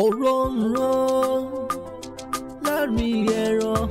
ọ̀rọ̀ ń rán láàrin ẹran.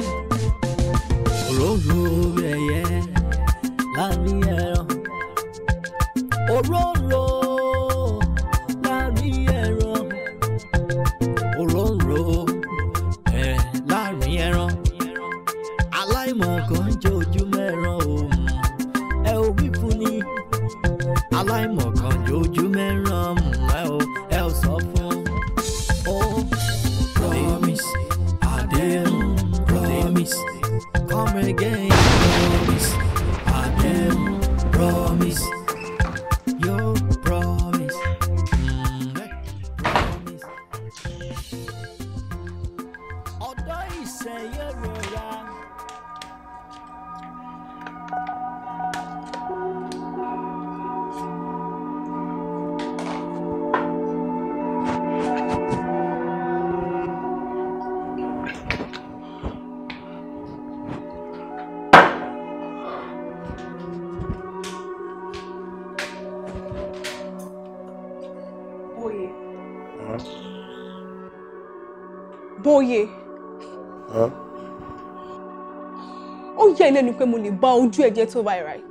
ba ojú ẹ̀jẹ̀ tó bá ìrà yìí.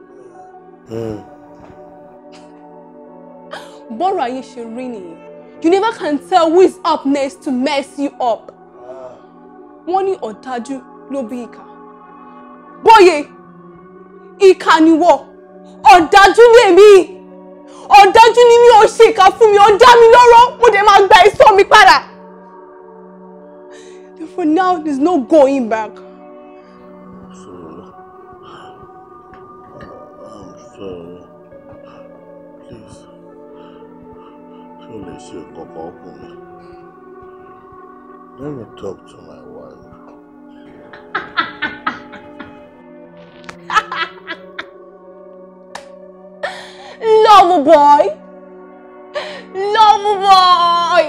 Hmm. bọ́rọ̀ ayé ṣe rí nìyí you never can tell who is up next to mess you up. Ah. wọ́n ní ọ̀dájú ló bí ìkà bóyè ìkà ni wọ́ ọ̀dájú ni èmi ọ̀dájú ni mi ò ṣe ìkà fún mi ó dá mi lóró mo dẹ̀ máa gba ìsọ mi padà. therefore now there is no going back. sọ̀rọ̀ please me talk uh, to my wife. Love boy, love boy.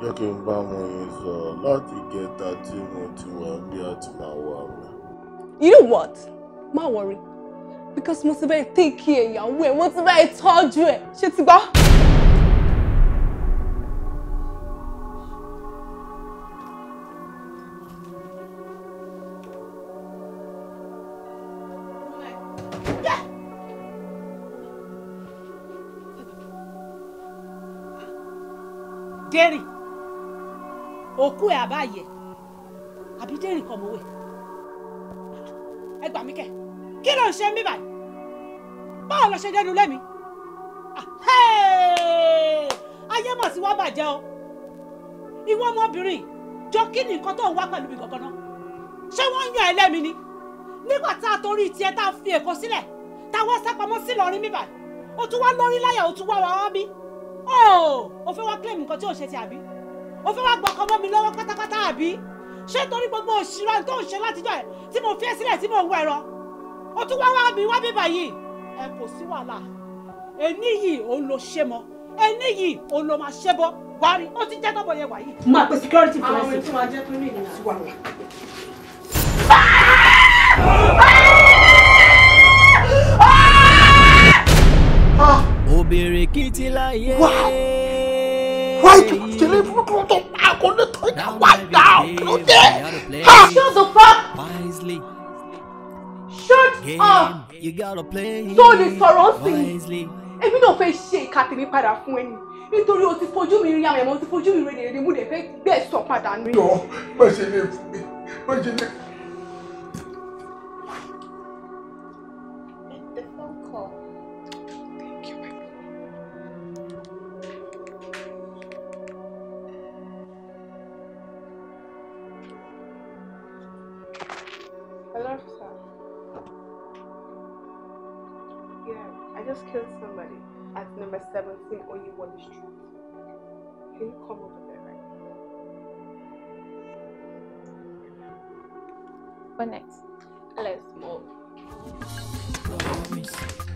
Jẹ́ kí n bá wọn yẹn sọ̀rọ̀ láti You know what? má wọrí because mo ti bẹ́ẹ̀ tẹ́kì ìyàwó ẹ̀ mo ti bẹ́ẹ̀ tọ́jú ẹ̀ ṣé ti gbọ́. dẹ́rìn òkú ẹ̀ àbáyẹ àbí dẹ́rìn kọ̀mọ̀wé ẹ gbà mí kẹ kí ló ń ṣe mí báyìí báwo lọ ṣe dẹnu lẹ́mi ah, ayé mà sí wá bàjẹ́ o ìwọ ọmọbìnrin jọ kí ni nǹkan tó ń wá pẹ̀lú mi gangan ṣé wọ́n ń yan ẹlẹ́mi ni nígbà tá a torí tiẹ̀ tá a fi èkó sílẹ̀ tá a wá sápamọ́ sí lọ́rin mi báyìí o tún wá lórí láyà o tún wá wá wá bí oh! o ò fẹ́ wá kílèmù nǹkan tí ò ṣe ti àbí o fẹ́ wá gbọ́kọ́ mọ́ mi lọ́wọ́ pátápátá àbí ṣé torí gbogbo òṣìṣẹ́ àti òṣìṣẹ́ látijọ́ ẹ̀ tí mo fi ẹ́ sílẹ̀ tí mo wọ ẹ̀rọ o tún wá wá mi wá bíbà yìí ẹ kò sí wàhálà ẹni yìí òun ló ṣe mọ ẹni yìí òun ló máa ṣe bọ wàá ó ti jẹ́ tọ́bọ̀ yẹn wà máa pe security fún ẹ sí. àwọn ètò ajẹ́ mi nìyà. obìnrin kìtìláyé. wá wá ìkìlẹ̀ burúkú tó òun the tó now. wá gbà ló dé. shut the fuck. shut up. tó lè sọ̀rọ̀ sí i èmi náà fẹ́ ṣe ìka tèmi padà fún ẹni nítorí o ti fojú mi rí àmì ẹ̀mọ́ o ti fojú mi rí èdè mú dẹ̀ fẹ́ gbẹ̀sán padà nù. yọ bẹ́ẹ̀ ṣe lè fún mi bẹ́ẹ̀ ṣe lè fún mi. Number 17, you want is truth. Can you come over there right now? What next? Let's move.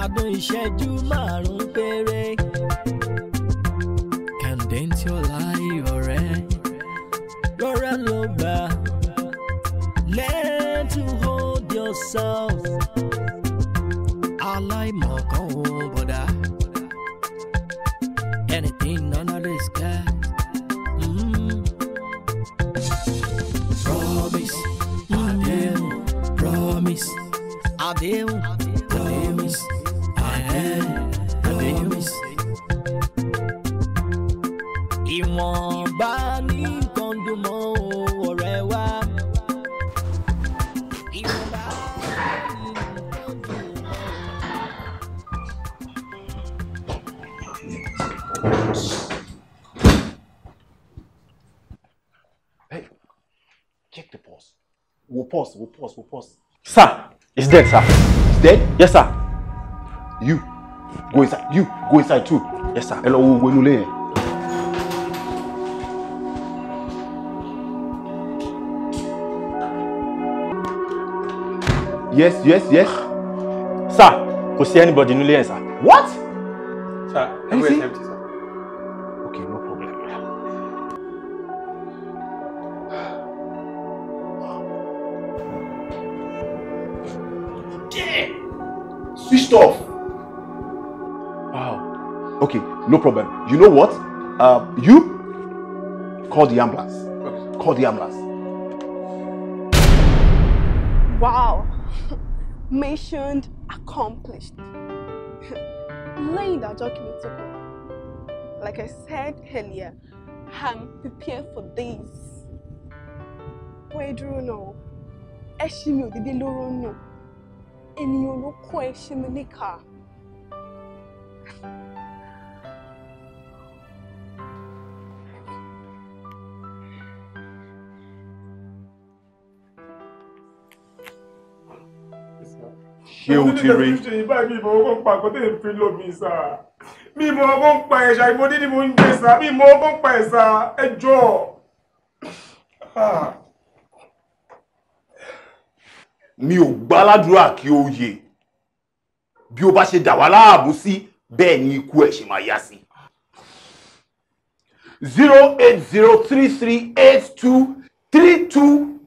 gbádùn ìṣẹ́jú márùn-ún péré. Kàndéntìọ́lá ìrọ̀rẹ́ rọra ló gbà. Learn to hold yourself. Aláìmọ̀kan ò bọ̀dá. Anything under the sky. Promise, àdéhùn, mm-hmm. promise, àdéhùn. dead, sir. He's dead? Yes, sir. You, go inside. You, go inside too. Yes, sir. Hello, we're going Yes, yes, yes. sir, kò see anybody nílé yẹn, sir. What? Sir, empty. stuff. Wow. Okay, no problem. You know what? Uh, you call the ambulance. Call the ambulance. Wow. Mission accomplished. Laying that document up. Like I said earlier, I'm prepared for this. did know? ènìyàn ló kọ́ ẹ ṣe mí níkà. ṣé o ti rí. ṣe ìbáyìí mi ìmọ̀ ọkọ̀ pa àkọ́tẹ́ ìfín lómi sá mi ìmọ̀ ọkọ̀ pa ẹ̀ṣà ìmọ̀ dídí mo ń gbé sá mi ìmọ̀ ọkọ̀ pa ẹ̀ṣà ẹjọ́. Ah mi ò gbàládùra kí ó yè bí ó bá ṣe dà wá láàbù sí bẹ́ẹ̀ ni ikú ẹ̀ ṣe máa yá sí. zero eight zero three three eight two three two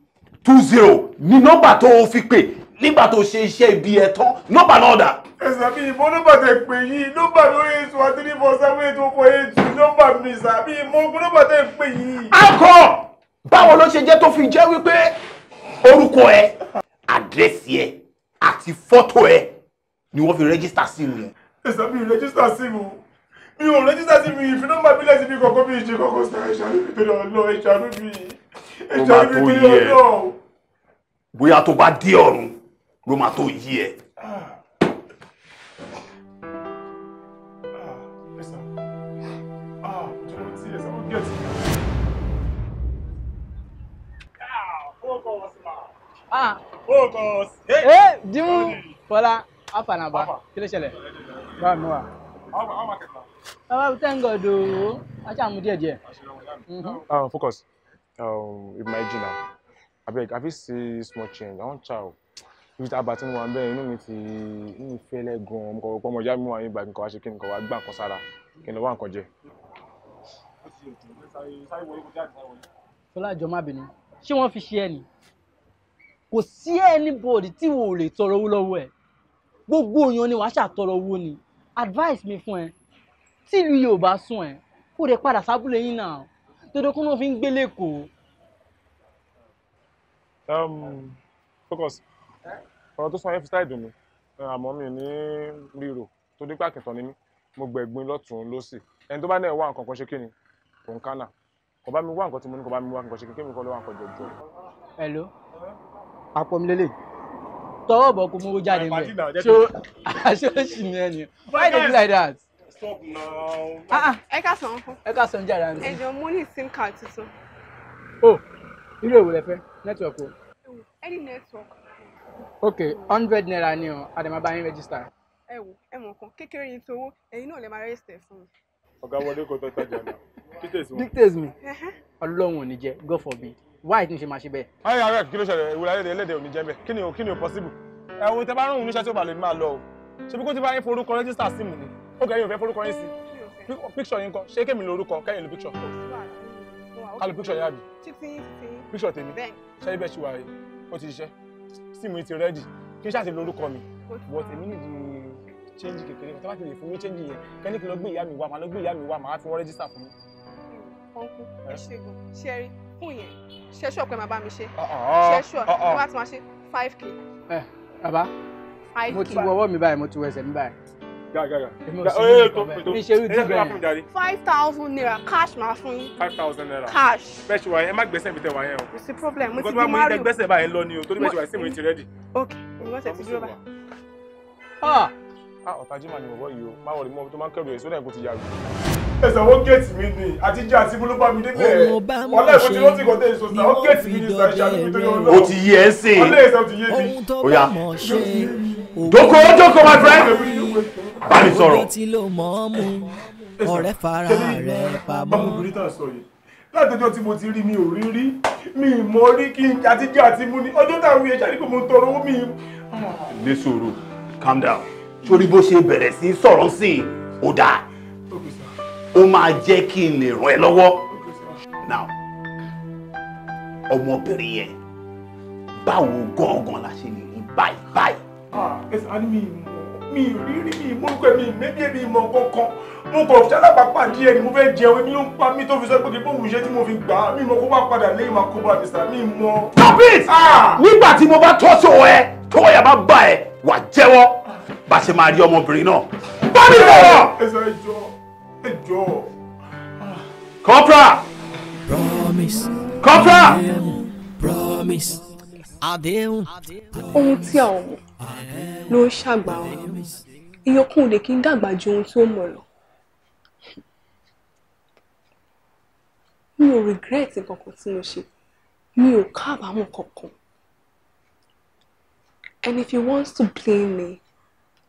two zero ni nọ́mbà tó o fi pè nígbà tó ṣe iṣẹ́ ibi ẹ̀ tán nọ́mbà náà dà. ẹ̀sà mi ìmọ̀ nọ́mbà tẹ̀ pé yìí nọ́mbà lórí èso àti ní four seven eight one four nọ́mbà mi ìsà ìmọ̀ ogun nọ́mbà tẹ̀ pé yìí. akọ báwo ló ṣe jẹ́ tó fi jẹ́ wípé orúkọ ẹ àdírẹ́sì ẹ àti fọ́tò ẹ ni wọ́n fi rẹ́gísítà síìmù yẹn. ẹ sọ mi rẹ́gísítà síìmù mi ò rẹ́gísítà síìmù yìí fi nọ́mbà bílẹ̀ síbi kọ̀ọ̀kan bí ìṣe kọ̀ọ̀kan sọ ẹ̀ṣà mi nítorí ọlọ́ ẹ̀ṣà mi bí ẹ̀ṣà mi nítorí ọlọ́. bóyá tó bá dé ọ̀run ló máa tó yí ẹ. Ah focus. ee eh, dimu Fọlá afa naba kí ló ṣẹlẹ̀ báwo ni wà. bàbá thank God o a ṣe àmú díẹ̀ díẹ̀. Mhm. Oh, focus um, with oh, my gina abeg i fit see small change i wan chow ibi tí a bá ti ń wà bẹ́ẹ̀ inú mi ti inú mi fẹ́lẹ́ gan-an mo kọ̀ pé ọmọ ìyá mi wà ní ìgbà kí n kọ̀ wá ṣe kí n kọ̀ wá gbà nǹkan sára kí n lọ wá nǹkan jẹ. Fọlá jọ má bínú ṣé wọ́n fi ṣe ẹ ni kò sí anybody tí wọn ò lè tọrọ owó lọ́wọ́ ẹ̀ gbogbo èèyàn ni wàá ṣàtọrọ owó ni advice mi fún ẹ tílu yóò bá sùn ẹ kó rẹ padà sábúlé yín náà dodo kó náà fi ń gbé lẹ́kọ̀ọ́. Um, focus ọ̀rọ̀ tó sọ ayé fi sáà ìdùnnú àmọ́ mi ní rírò tó dípẹ́ àkìtàn ni mí mo gbẹ̀gbin lọ́tún lọ́sì ẹni tó bá náà wá nǹkan kan ṣe kí ni kò ń kánà kò bá mi wá nǹkan tí mo ní kò bá mi wá nǹkan ṣe kí ni kò lè wá nǹkan jọjọ. hello àpò mi lélẹ̀ tọwọ́ bọ̀ kó mówó jáde mẹ́ ṣó ṣó ṣì ní ẹni why you dey do like that. stop now. Ah, ah. ẹ ká sàn fún. ẹ ká sàn jáde àná. ẹ jọ mo ní sim card tuntun. o irú èwo lẹ fẹ́ network o. any network. ok hundred naira ni o àdèmàbá yín register. ẹ wo ẹ mọ̀ kan kékeré yìí tó owó ẹ̀yin náà lè máa register fún mi ọ̀gá wọlé kò tó tọ́jà náà dictates mi ọlọ́run ò ní jẹ́ god forbid why tí n ṣe máa ṣe bẹ́ẹ̀. ayé aref kí ló ṣẹlẹ̀ ìwúrọ̀ ayédè ẹlẹ́dẹ̀ òní jẹ́bẹ̀ kí ni o kí ni o possible. ẹ̀wọ̀n tẹ bá rún un níṣẹ́ tí ó bá lè máa lọ o ṣebí kó ti bá yín forúkọ rẹ́gísítà sim ni ó kẹ́yìn ò fẹ́ forúkọ yín sí píkṣọ̀ yín kọ ṣé kémi lórúkọ kẹ́yìn ló píkṣọ̀ kálù Picture yá bi píkṣọ̀ tèmi ṣe ibẹ̀ ṣì wà rè ó ti ṣiṣẹ́ síìmù yìí ti rẹ́dì kí n ṣáà ti lórúkọ mi wọ tèmi nìdí chẹ́ńjì kékeré kan tí wọ́n ti lè fún mi chẹ́ńjì yẹn kẹ́ni kí lọ gbé ìyá mi wá màá lọ gbé ìyá mi wá màá fi wọ́n rẹ́jísítà fún mi. ọ̀nkú ẹ ṣe gan ṣe rí kún yẹn ṣe ṣọ́ pé máa bá mi ṣe ṣe ṣọ́ ní wàá ti máa ṣe five k. ẹ bàbá mo ti wọ ọwọ́ mi báyìí mo ti wọ ẹsẹ̀ mi báyìí. Mi ṣe irú dígbẹ́ five thousand naira cash máa fún yín. five thousand naira cash. Bẹ́ẹ̀ ṣe wà yẹn, ẹ má gbẹ́sẹ̀ mi tẹ̀ wá yẹn o. Kò sí problem, mo ti di Mario. Nǹkan mo ní gbẹ́sẹ̀ báyẹn lọ ni o, torí bẹ́ẹ̀ ṣe wà sí mo ti rẹ́dì. Ok, ìgbọ́sẹ̀ ti dúró bá. Ah! Ah, Ọ̀tá Jimá ni bọ̀bọ̀ yìí o, má wọlé mọ́ tó má kẹ́rù ẹ̀ sódà ẹ̀kú ti yàgò ẹsẹ̀ wọ́n géètì mi ni àtijọ́ àti mú mi débẹ̀ ẹ̀ ìfọ̀tí ló ti kọ́tẹ́ èso sàn wọ́n géètì mi ni sàn ìṣàlù mi torí ọlọ́run. o ti yé ẹ sè é ọlẹ́ ìṣàlù my friend bá mi ọ̀rẹ́ fara rẹ̀ pamọ́. báwo ni brita sọ yìí látọjọ́ tí mo ti rí mi ò rí rí mi ì rí kí n àtijọ́ àti mú ni ọjọ́ táwọn ìyẹn ṣàdínkù mo ń tọrọ mi. ní sùúrù calm down sórí bó ṣe bẹ̀rẹ̀ sí sọ̀rọ̀ sí i ó dáa O máa jẹ́ kí n lè ràn ẹ́ lọ́wọ́ now ọmọbìnrin yẹn báwo gangan la ṣe lè rí báyìí báyìí. ẹsẹ̀ ah, á mi ìmọ̀ mi ìrírí mi ìmúrúkọ mi ìmẹ́bí èmi ìmọ̀ kankan mo kọ̀ ṣalábàápàdé ẹni mo fẹ́ jẹun èmi ló ń pa mí tó fi sọ pé kí bóun ṣe tí mo fi gbà á mi ìmọ̀ kó bá padà lẹ́yìn máa kó bá mi sà mí stop it ah! nígbà tí mo bá tọ́ sí ọ ẹ tó yà bá bá ẹ wà jẹ́wọ́ bá ṣe máa rí ọmọbìnrin náà bá mi sọ̀rọ̀. ẹ sọ ẹ jọ ẹ jọ. corporal. promise. corporal. promise. àdéhùn. ohun tí a ò mọ̀ ló ń ṣàgbà wa ìyókùn òde kì í dàgbà ju ohun tí ó mọ̀ lọ. mi ò regret kankan tí mo ṣe mi ò kábàámọ̀ kankan and if he wants to blame me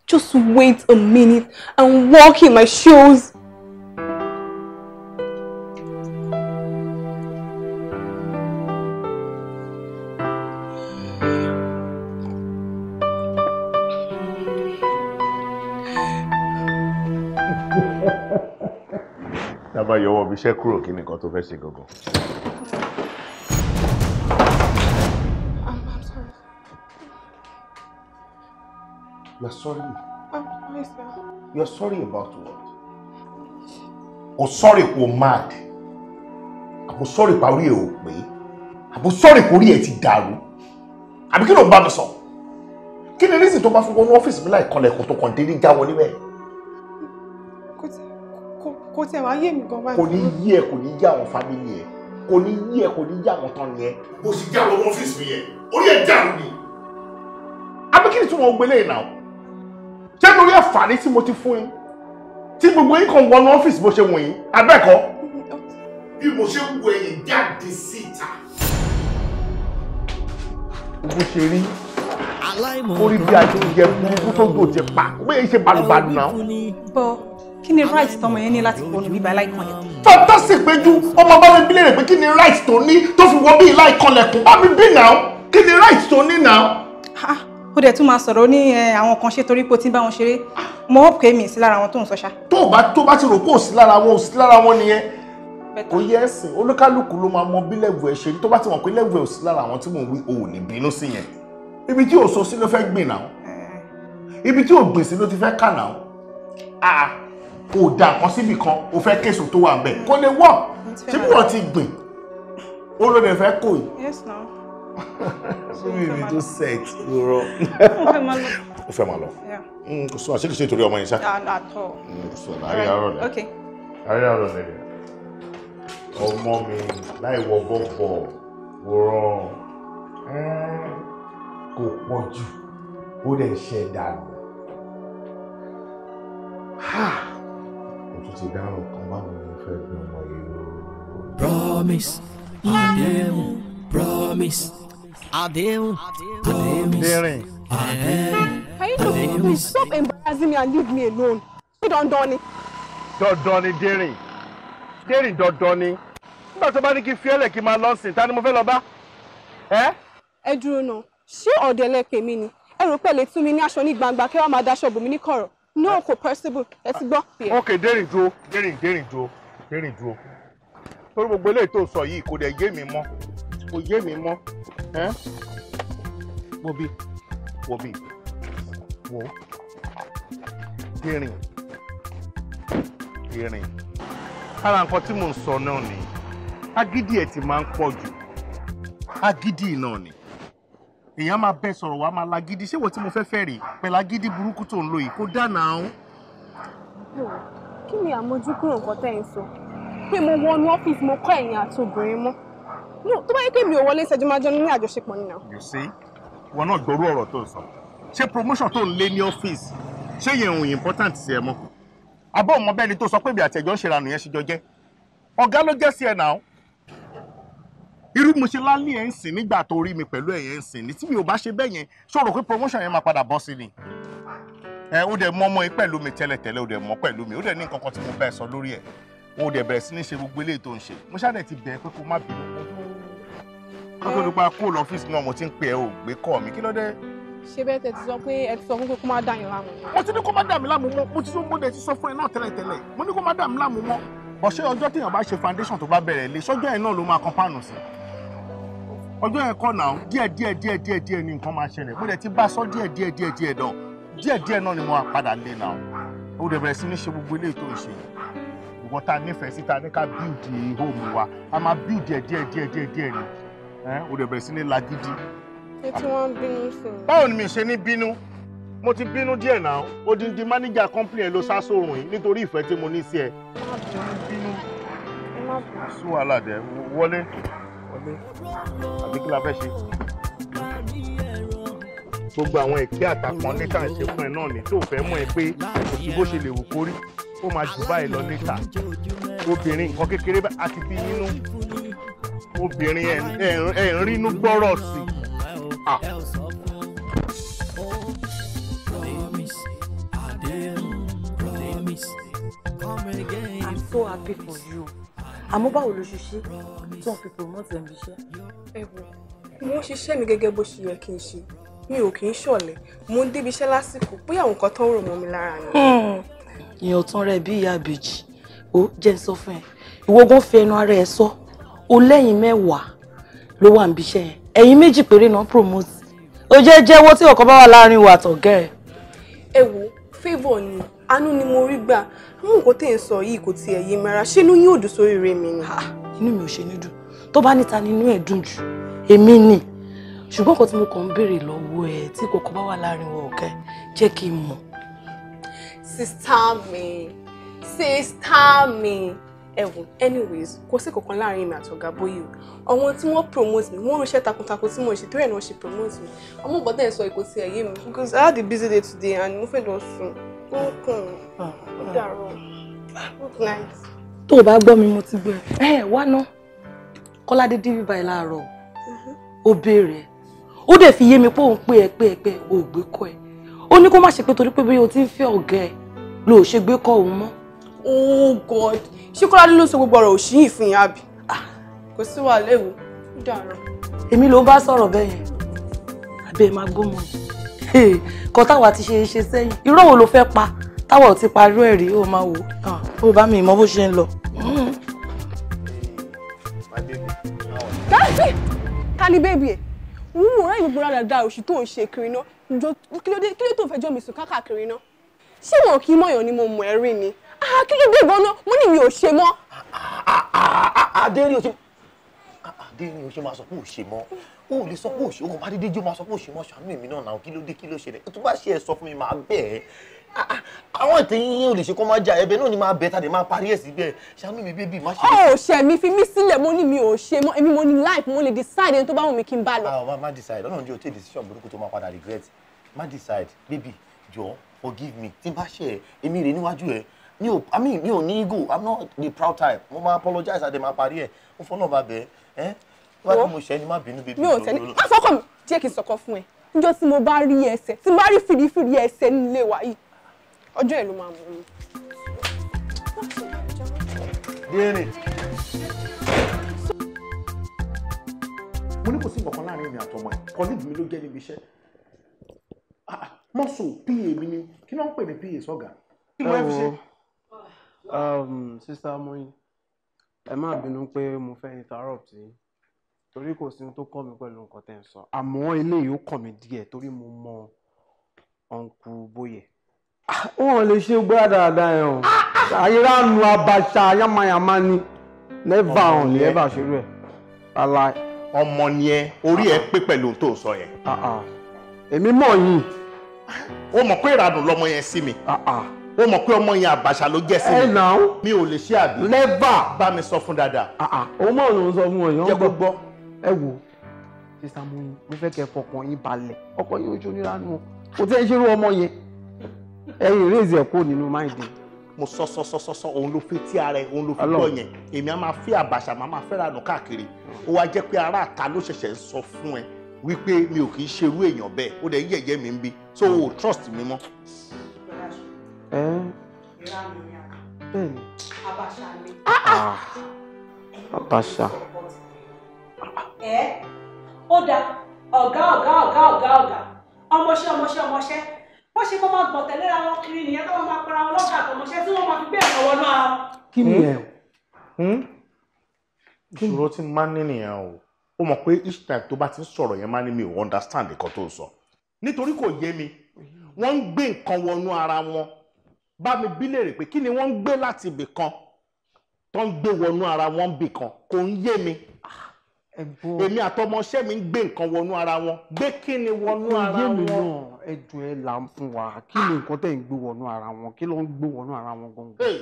just wait a minute and walk in my shoes. bá yọwọ́ bí iṣẹ́ kúrò kí nìkan tó fẹ́ ṣe gangan. You are sorry. I'm um, sorry, sir. You are sorry about what? O sorry kò mad. Àbò sorry parí ẹ̀ ò pé. Àbò sorry kò rí ẹ̀ ti dàrú. Àbí kí ló ń bá mi sọ? Kí ni reason tó bá fi wọnú ọ́fíìsì mi láì kanlẹ̀kùn tó kàn déédéé já wọlé bẹ́ẹ̀? kò tẹ̀ wá yé mi gan báyìí. kò ní yí ẹ kò ní yí àwọn fámìlì ẹ kò ní yí ẹ kò ní yí àwọn tán yẹn. mo sì já lọ ọ́fíìsì mi yẹn orí ẹ̀ dàrú ni. abẹ́kìlì tí wọ́n gbélé ìnà ṣé torí àǹfààní tí mo ti fún yín tí gbogbo yín kan wọnú ọ́fíìsì bó ṣe wù yín abẹ́kọ̀ọ́. bí mo ṣe ń wo ẹ̀yìn jáde síta. bó ṣe rí orí bí ajé yẹ kó tó gbòjẹ pa bẹ́ẹ̀ ṣe balùbalù náà. bọ́ kí ni right tọmọ yẹn ní láti wọnú bíbá láìkanlẹ̀kùn. fantastic péjú ọmọ bá mi bí léèrè pé kí ni right tó ní tó fi wọ bí láìkanlẹ̀kùn bá mi bí náà kí ni right tó ní náà. ó dẹ̀ tún máa sọ̀rọ̀ ní eh, àwọn kan ṣe torí pé o ti ń bá wọn ṣeré mo hope pé mi sí lára wọn tó ń sọ́ṣà. tó o bá tó o bá ti rò pé ò sí lára wọn ò sí lára wọn nìyẹn kò yẹ ẹsìn olúkálùkù ló máa mọ bí lẹ́gùn ẹ̀ ṣe tó bá ti mọ̀ pé lẹ́gùn ẹ̀ ò sí lára o dà kan síbì kan o fẹ́ késo tó wà ń bẹ̀ kò lè wọ̀ tí bí wọ́n ti gbìn ó ló lè fẹ́ kò yìí. sórí mi tó set rọ. o fẹ́ máa lọ mm, kò sọ àṣekì ṣe ìtòrí ọmọ yẹn sá. àtọ. kò sọ àárẹ̀ àárọ̀ lẹ àárẹ̀ àárọ̀ lẹ ọmọ mi láì wọ bọ́bọ̀ wòran eh, kò pọ̀ jù ó dẹ̀ ṣẹ̀ dànù ti dáhùn kan báwo ni mo fẹ́ gbé ọmọ yìí o. promise àdéhùn promise àdéhùn àdéhùn àdéhùn. Can you just please stop embarrassing me and leave me alone? Ṣé dandan ni? Dandan ni Dérìn. Dérìn dandan ni. Nígbà tó bá ní kí fiẹ́lẹ̀ kí n máa lọ sìn, ta ni mo fẹ́ lọ bá? Ẹ. Ẹ dúró náà, ṣé ọ̀dẹ̀ lẹ pè mí ni? Ẹ rò pé lè tún mi ní aṣọ ní gbangba kí wọ́n máa daṣọ bò mí ní kọ̀rọ̀ no kò possible ẹ ti gbọ́. ok dẹ́rìn dúró dẹ́rìn dẹ́rìn dúró dẹ́rìn dúró torí gbogbo eléyìí tó sọ yìí kò dẹ̀ yé mi mọ́ kò yé mi mọ́ ẹ́ wo bí wo bí wo dẹ́rìn dẹ́rìn ara nǹkan tí mò ń sọ náà nìyí agídí ẹ̀ ti máa ń pọ̀ jù agídí náà èèyàn máa bẹ sọ̀rọ̀ wá máa lagidi ṣé wọ́n tí mo fẹ́ fẹ́ rè pẹ̀lú agidi burúkú tó ń lò yìí kó dànà áhùn. kí ni àmójúkúrò nǹkan tẹ́ ẹ̀ ń sọ pé mo wọnú ọ́fíìsì mo kọ́ ẹ̀yìn àti obìnrin mọ́ tó bá yẹ pé mi ò wọlé ṣẹ́jú máa jọ ní àjọṣepọ̀ nínú. you see wọn náà gbọ́rú ọ̀rọ̀ tó ń sọ ṣé promotion tó ń lé ní ọ́fíìsì ṣé yẹn òun important sí ẹ mọ́ àbọ̀ ọmọ bẹ́ẹ̀ ni tó sọ pé ibi àtẹ̀jọ́ ń ṣèrànù yẹn ṣe jọ jẹ́ ọ̀gá ló jẹ́ sí ẹ náà irú mo ṣe lálé ẹ̀ ń sìn nígbà tó rí mi pẹ̀lú ẹ̀yẹ̀ ń sìn ní tí mi ò bá ṣe bẹ́ẹ̀ yẹn pé promotion yẹn máa padà bọ́ sí ni ẹ ó dẹ̀ mọ́ ọmọ yẹn pẹ̀lú mi tẹ́lẹ̀tẹ́lẹ̀ ó dẹ̀ mọ́ pẹ̀lú mi ó dẹ̀ ní nǹkan kan tí mo bẹ́ẹ̀ sọ lórí ẹ̀ wọn ò dẹ̀ bẹ̀rẹ̀ sí ní ṣe gbogbo eléyìí tó ń ṣe mo ṣáà dẹ̀ ti bẹ̀ẹ́ pé kó má bínú kó tó nípa kóòlù ọ́fíìsì náà mo ti ń pè ẹ́ ò gbé kọ́ mi kí ló dé ṣe bẹ́ẹ̀ tẹ̀ ti sọ pé ẹ ti sọ fún pé kó má dà yín láàmú. mo ti ní kó má dà mí láàmú mọ́ mo ti tún gbọ́dọ̀ ti sọ fún ẹ náà tẹ́lẹ̀tẹ́lẹ̀ mo ní kó má dà mí láàmú mọ́ bọ̀ṣẹ́ ọjọ́ téèyàn bá ṣe foundation tó bá bẹ̀rẹ̀ lé sọ́jọ́ ẹ̀ náà ló máa kan páànù sí i ọjọ́ yẹn kọ́ náà díẹ̀ díẹ̀ díẹ̀ díẹ̀ díẹ̀ ni nǹkan máa ṣẹlẹ̀ mo dẹ̀ ti bá sọ díẹ̀ díẹ̀ díẹ̀ díẹ̀ dán díẹ̀ díẹ̀ náà ni mo padà lé náà o dẹ̀ bẹ̀rẹ̀ sí ní ṣe gbogbo eléyìí tó ń ṣe ìwọ ta nífẹ̀ẹ́ sí ní ká bíìdì hóòmù wa a máa bíìdì ẹ̀ díẹ̀ díẹ̀ díẹ̀ díẹ̀ ni o dẹ̀ bẹ̀rẹ̀ sí ní lagídí. ṣé tí bínú sí i. báwo ni mi ṣe ní bínú mo ti bínú díẹ̀ náà wọlé àbí kí la fẹ́ ṣe. gbogbo àwọn ìpín àtàkùn létà ń ṣe fún ẹ náà ní tó fẹ́ mọ̀ ẹ pé kò bó ṣe lè wù kórí ó máa jù báyìí lọ létà obìnrin nǹkan kékeré àti ti nínú obìnrin ẹ̀ ń rínú gbọ́rọ̀ sí i. so happy for you àmọ́ báwo ló ṣe ṣe tó ń fi promote ẹ̀ ń bíṣẹ́. ẹ wo mo ṣiṣẹ́ mi gẹ́gẹ́ bó ṣe yẹ kí n ṣe mi ò kì í ṣọ̀lẹ mo ń débi iṣẹ́ lásìkò bóyá àwọn nǹkan tó ń rò mọ́ mi lára ni. èèyàn hmm. tán rẹ bí ìyá àbèjì ó jẹ́ ń sọ fún ẹ ìwọ́gán fi ẹnu ara ẹ sọ o lẹ́yìn mẹ́wàá ló wà níbi iṣẹ́ yẹn ẹ̀yìn méjì péré náà promote ó jẹ́ jẹ́wọ́ tí ọ̀kan bá wà láàrin ìwà àtọ̀gẹ́ ẹ. ẹ wo favour ni anu ni mo rí gbà mú nǹkan tẹ̀ ń sọ yìí kò tiẹ̀ yé mi ṣé inú yín ò sórí rẹ mi ni. inú mi ò ṣe ní dùn tó bá níta ni ẹ̀ dùn jù èmi ni ṣùgbọ́n kan tí mo kàn ń béèrè lọ́wọ́ ẹ tí kòkó bá wà láàrin wọn ọ̀kẹ́ jẹ́ kí n mọ̀. sista mi sista mi ẹ̀wọ̀n anyways kò sí kankan láàrin mi àti ọ̀gá bóyè o àwọn tí wọ́n promote mi wọ́n ránṣẹ́ takuntakun tí mo ṣe torí ẹ̀ ni wọ́n ṣe promote mi ọmọ ìgbọ́dọ̀ ẹ̀ sọ ìkó ẹ̀yẹ mi because I had a busy day today and mo fẹ́ lọ sùn tó o bá gbọ́ mi mo ti gbọ́ ẹ ẹ wá ná kọ́ládé dé bíbá ẹ láàárọ̀ ó béèrè ó dẹ̀ fi yé mi pé òun pé ẹ pé ẹ pé ò gbé kọ́ ẹ ó ní kó má ṣe pé torí pé bí o ti ń fẹ́ ọ̀gá ẹ ló ṣe gbé kọ́ òun mọ́. oh god ṣé kọ́ládé ló sọ gbogbo ọ̀rọ̀ òṣìyìn fún yín àbí ah. kò sí wàhálà ewu ó dàrọ. èmi ló bá sọ̀rọ̀ bẹ́ẹ̀ yẹn àbẹ́ ẹ máa gbọ́ mọ́ ni kan táwa ti ṣe ṣe sẹ́yìn irọ́ wo ló fẹ́ pa táwa ò ti parí ẹ̀ rí ó máa wò ó bá mi mọ bó ṣe ń lọ. kálí bèbí ẹ wúwo rẹ ìlú búra dáadáa oṣù tó ń ṣe kiri náà kí ló dé tó ń fẹjọ́ mi sùn káàkiri náà ṣé wọn kì í mọ̀yàn ni mo mọ̀ ẹ́ rí ni kí ló dé gan-an mo ní mi ò ṣe mọ́. adéèrè o ṣe máa sọ pé ò ṣe mọ́ o ò lè sọ pé òṣì o kò má dédé jó máa sọ pé òṣì mọ́ ṣàánú èmi náà náà kí ló dé kí ló ṣẹlẹ̀ tó bá ṣe ẹ̀ sọ fún mi máa bẹ̀ ẹ́ ah, ah, àwọn ètè yín ò lè ṣe kó má jà ẹ̀bẹ̀ náà ni máa bẹ̀ tàdé máa parí ẹ̀ síbẹ̀ ṣàánú mi bébì má ṣe. ó ṣe mi fi mí sílẹ̀ mo ní mi ò ṣe mọ́ èmi mo ní life mo lè decide ẹni tó bá wù mí kí n bá lọ. àwọn ah, má decide ọ̀nà òjò tèlè sísọ burúkú tó máa padà regret má decide baby jọ forgive me tí n bá ṣe èmi rè níwájú ẹ mi ò i mean mi ò ní ego i'm not the proud type mo máa apologize àdèmà parí ẹ mo fọ́nà bàbẹ̀ ẹ́ wọ́n ti mú iṣẹ́ ni má bínú bíbí. mi ò tẹ́lẹ̀ má sọ́kọ̀ mi jẹ́ kí n sọ̀kọ̀ fún ẹ níjọ́ tí mo bá rí ẹsẹ̀ tí mo bá rí fìrífìrí ẹsẹ̀ nílé wa yìí ọjọ́ ẹ̀ ló máa mú mi. dínrín. mo ní kò sí nǹkan láàrin èmi àtọmọ ẹ kọlíìgì mi ló jẹ́ níbi iṣẹ́ ah, ah, mọ́sù pa mi ni kí ló ń pè ní pa sọ́gà kí ló um, sista Moyin ẹ má bínú pé mo fẹ́ interrupt yín torí kò sí ohun tó kàn mí pẹ̀lú nǹkan tẹ́ ń sọ àmọ́ eléyìí ó kàn mí díẹ̀ torí mo mọ ọ̀nkù bóyè. wọn lè ṣe gbọ́dọ̀ dáadáa yẹn o àyèrè àánú abacha yamayama ni never on never ṣerú ẹ̀ ala. ọmọ ni ẹ orí ẹ pé pẹ̀lú ohun tó sọ yẹn. Ah, ah. èmi mọ̀ yín. o mọ̀ pé ìrànù lọmọ yẹn sí mi ah, ó mọ̀ pé ọmọ yẹn àbàṣà ló jẹ́ sí mi. ẹ nà ó. mi ò lè ṣe àbí. never. bá mi sọ fún dáadáa. òun mọ̀ ló ń sọ fún ọ̀yàn. jẹ́ kó gbọ́ ẹ wò sísá mú yín mo fẹ́ kẹ́ fọkàn yín balẹ̀ ọkọ yín ojú nira nù kò tẹ́ ẹ ṣe irú ọmọ yẹn ẹyin ìrèzì ẹ̀ kó nínú máìdì. mo sọ sọ sọ sọ sọ òun ló fi tí ara ẹ òun ló fi gbọ́ yẹn èmi á máa fi àbàṣà máa máa fẹ́ràn nù káàkiri ó wá jẹ́ pé ará àta ló ṣẹ̀ṣẹ̀ ń sọ fún ẹ wípé mi ò kì í ṣerú èèyàn bẹ́ẹ̀ ó dẹ̀ yẹ̀yẹ́ mi ń bí so o trust mi mọ́. ẹ bẹ́ẹ̀ ni àbàṣà ah, ẹ eh? ọ̀gá ọ̀gá ọ̀gá ọ̀gá ọ̀gá ọmọṣẹ́ ọmọṣẹ́ ọmọṣẹ́ wọ́n ṣe kó máa gbọ̀n tẹ̀lé ra wọn kiri nìyẹn táwọn máa para wọn àtọmọṣẹ́ tí wọ́n máa fi gbé wọn kí ni hmm? ẹ hmm? ìṣòro tí máa ń ní nìyẹn ó mọ̀ pé each time tó bá ti ń sọ̀rọ̀ yẹn máa ní ò understand nǹkan tó sọ nítorí kò yé mi wọ́n ń gbé nǹkan èmi àtọmọṣẹ́ mi ń gbé nǹkan wọnú ara wọn gbé kí ni wọnú ara wọn. ẹjọ́ ẹ là ń fún wa kí ni nǹkan tẹ̀ ń gbé wọnú ara wọn kí ló ń gbé wọnú ara wọn gangan